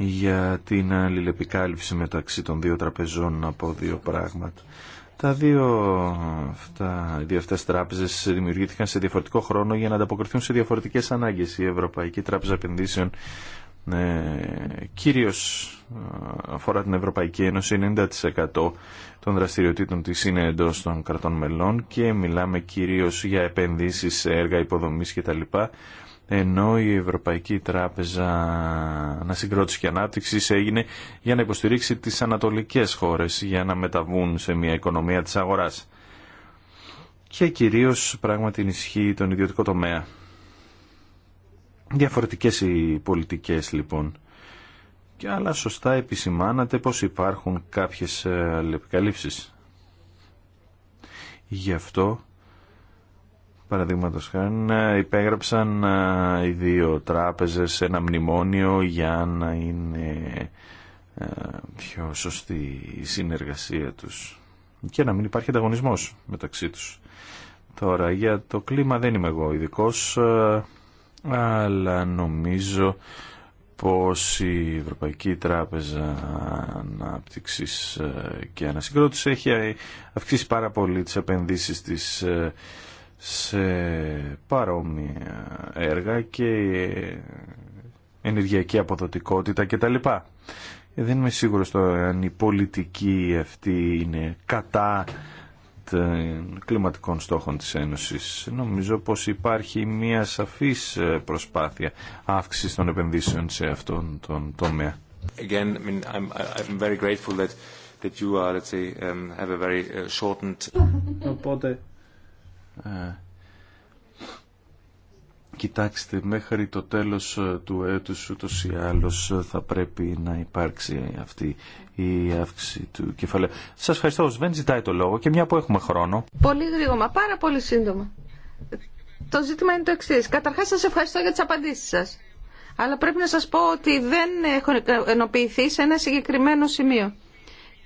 για την αλληλεπικάλυψη μεταξύ των δύο τραπεζών από δύο πράγματα. Τα δύο αυτά, οι δύο αυτές τράπεζες δημιουργήθηκαν σε διαφορετικό χρόνο για να ανταποκριθούν σε διαφορετικές ανάγκες. Η Ευρωπαϊκή Τράπεζα Επενδύσεων ναι, κυρίως ε, αφορά την Ευρωπαϊκή Ένωση 90% των δραστηριοτήτων της είναι εντός των κρατών μελών και μιλάμε κυρίως για επενδύσεις σε έργα υποδομής κτλ ενώ η Ευρωπαϊκή Τράπεζα Ανασυγκρότηση και ανάπτυξη έγινε για να υποστηρίξει τις ανατολικές χώρες για να μεταβούν σε μια οικονομία της αγοράς και κυρίως πράγματι ενισχύει τον ιδιωτικό τομέα. Διαφορετικές οι πολιτικές λοιπόν. Και άλλα σωστά επισημάνατε πως υπάρχουν κάποιες αλληλεπικαλύψεις. Ε, Γι' αυτό, παραδείγματος χάρη, ε, υπέγραψαν ε, οι δύο τράπεζες ένα μνημόνιο για να είναι πιο σωστή η συνεργασία τους και να μην υπάρχει ανταγωνισμός μεταξύ τους. Τώρα, για το κλίμα δεν είμαι εγώ ειδικό αλλά νομίζω πως η Ευρωπαϊκή Τράπεζα Ανάπτυξης ε, και Ανασυγκρότηση έχει αυξήσει πάρα πολύ τις επενδύσεις της ε, σε παρόμοια έργα και ε, ενεργειακή αποδοτικότητα κτλ. Δεν είμαι σίγουρος το αν η πολιτική αυτή είναι κατά των κλιματικών στόχων της Ένωσης. Νομίζω πως υπάρχει μια σαφής ε, προσπάθεια αύξησης των επενδύσεων σε αυτόν τον τομέα. Again, I mean, I'm, I'm very grateful that, that you are, let's say, um, have a very uh, shortened... Οπότε, ε, Κοιτάξτε, μέχρι το τέλος ε, του έτους ούτως ή άλλως ε, θα πρέπει να υπάρξει αυτή η αύξηση του κεφαλαίου. Σας ευχαριστώ, δεν ζητάει το λόγο και μια που έχουμε χρόνο. Πολύ γρήγορα, πάρα πολύ σύντομα. Το ζήτημα είναι το εξή. Καταρχάς σας ευχαριστώ για τις απαντήσεις σας. Αλλά πρέπει να σας πω ότι δεν έχω ενοποιηθεί σε ένα συγκεκριμένο σημείο.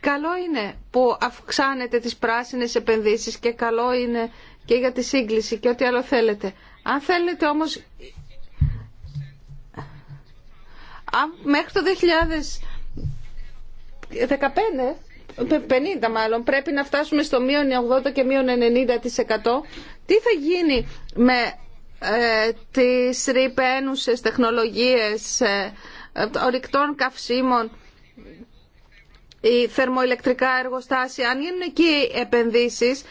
Καλό είναι που αυξάνετε τις πράσινες επενδύσεις και καλό είναι και για τη σύγκληση και ό,τι άλλο θέλετε. Αν θέλετε όμως, αν μέχρι το 2015 50 μάλλον, πρέπει να φτάσουμε στο μείον 80 και μείον 90%. Τι θα γίνει με ε, τις ρηπαίνουσες τεχνολογίες ε, ε καυσίμων οι θερμοηλεκτρικά εργοστάσια, αν γίνουν εκεί επενδύσεις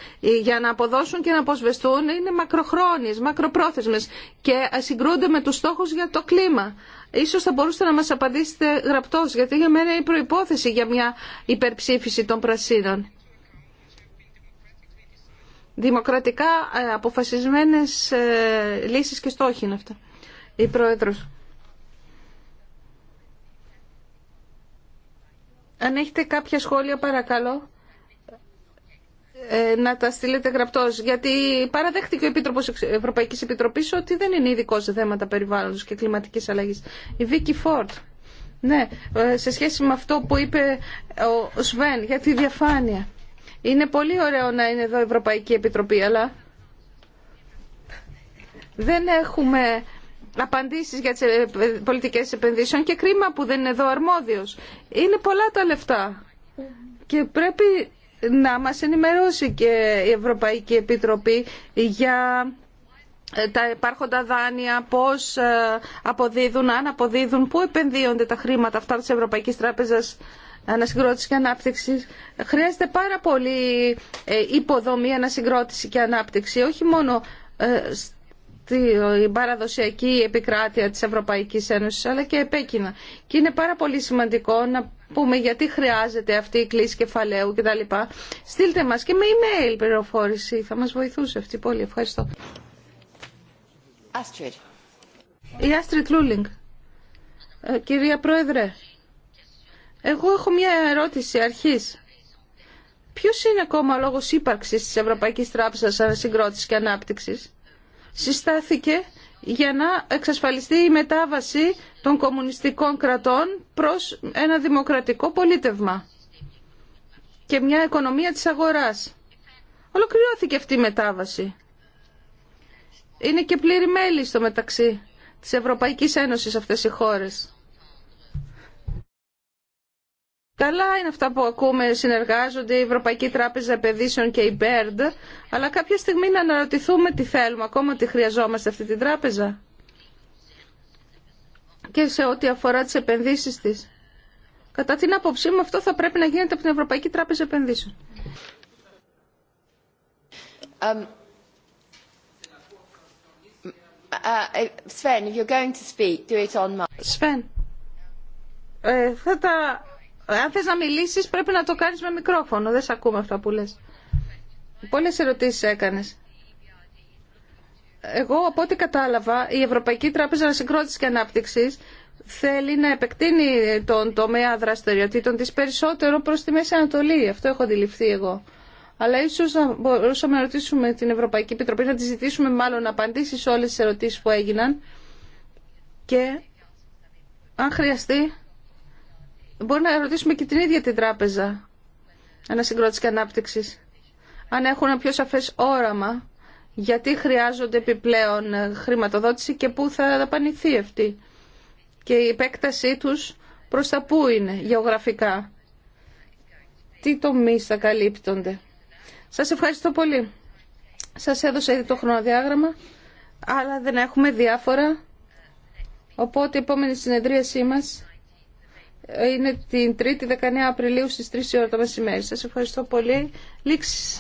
για να αποδώσουν και να αποσβεστούν, είναι μακροχρόνιες, μακροπρόθεσμες και συγκρούνται με τους στόχους για το κλίμα. Ίσως θα μπορούσατε να μας απαντήσετε γραπτός, γιατί για μένα είναι η προϋπόθεση για μια υπερψήφιση των πρασίνων. Δημοκρατικά ε, αποφασισμένες ε, λύσεις και στόχοι είναι αυτά. Η Πρόεδρος. Αν έχετε κάποια σχόλια παρακαλώ ε, να τα στείλετε γραπτός. Γιατί παραδέχτηκε ο Επίτροπος Ευρωπαϊκής Επιτροπής ότι δεν είναι ειδικό σε θέματα περιβάλλοντος και κλιματικής αλλαγής. Η Βίκη Φόρτ. Ναι, ε, σε σχέση με αυτό που είπε ο Σβέν για τη διαφάνεια. Είναι πολύ ωραίο να είναι εδώ η Ευρωπαϊκή Επιτροπή, αλλά δεν έχουμε Απαντήσει για τις ε, ε, πολιτικές επενδύσεων και κρίμα που δεν είναι εδώ αρμόδιος. Είναι πολλά τα λεφτά και πρέπει να μας ενημερώσει και η Ευρωπαϊκή Επιτροπή για ε, τα υπάρχοντα δάνεια, πώς αποδίδουν, αν αποδίδουν, πού επενδύονται τα χρήματα αυτά της Ευρωπαϊκής Τράπεζας Ανασυγκρότηση και Ανάπτυξης. Χρειάζεται πάρα πολύ υποδομή, ανασυγκρότηση και ανάπτυξη, όχι μόνο η παραδοσιακή επικράτεια της Ευρωπαϊκής Ένωσης αλλά και επέκεινα. Και είναι πάρα πολύ σημαντικό να πούμε γιατί χρειάζεται αυτή η κλίση κεφαλαίου κτλ. Στείλτε μας και με email πληροφόρηση. Θα μας βοηθούσε αυτή πολύ. Ευχαριστώ. Astrid. Η Άστριτ Λούλινγκ. Ε, κυρία Πρόεδρε, εγώ έχω μια ερώτηση αρχής. Ποιος είναι ακόμα λόγος ύπαρξης της Ευρωπαϊκής Τράπεζας Ανασυγκρότησης και Ανάπτυξης συστάθηκε για να εξασφαλιστεί η μετάβαση των κομμουνιστικών κρατών προς ένα δημοκρατικό πολίτευμα και μια οικονομία της αγοράς. Ολοκληρώθηκε αυτή η μετάβαση. Είναι και πλήρη μέλη στο μεταξύ της Ευρωπαϊκής Ένωσης αυτές οι χώρες. Καλά είναι αυτά που ακούμε, συνεργάζονται η Ευρωπαϊκή Τράπεζα Επενδύσεων και η BERD, αλλά κάποια στιγμή να αναρωτηθούμε τι θέλουμε, ακόμα τι χρειαζόμαστε αυτή την τράπεζα. Και σε ό,τι αφορά τις επενδύσεις της. Κατά την άποψή μου αυτό θα πρέπει να γίνεται από την Ευρωπαϊκή Τράπεζα Επενδύσεων. Um, uh, Sven, if you're going to speak, do it on Sven, ε, θα τα αν θε να μιλήσεις πρέπει να το κάνεις με μικρόφωνο. Δεν σε ακούμε αυτά που λε. Πολλέ ερωτήσεις έκανες. Εγώ από ό,τι κατάλαβα η Ευρωπαϊκή Τράπεζα συγκρότηση και Ανάπτυξης θέλει να επεκτείνει τον τομέα δραστηριοτήτων της περισσότερο προ τη Μέση Ανατολή. Αυτό έχω αντιληφθεί εγώ. Αλλά ίσω να μπορούσαμε να ρωτήσουμε την Ευρωπαϊκή Επιτροπή, να τη ζητήσουμε μάλλον απαντήσει σε όλε τι ερωτήσει που έγιναν και αν χρειαστεί Μπορεί να ρωτήσουμε και την ίδια την τράπεζα ανασυγκρότηση και ανάπτυξη. Αν έχουν πιο σαφέ όραμα, γιατί χρειάζονται επιπλέον ε, χρηματοδότηση και πού θα δαπανηθεί αυτή. Και η επέκτασή τους προς τα πού είναι γεωγραφικά. Τι τομεί θα καλύπτονται. Σας ευχαριστώ πολύ. Σας έδωσα ήδη το χρονοδιάγραμμα, αλλά δεν έχουμε διάφορα. Οπότε η επόμενη συνεδρίασή μας είναι την 3η 19 Απριλίου στις 3 η ώρα το μεσημέρι. Σας ευχαριστώ πολύ. Λήξεις.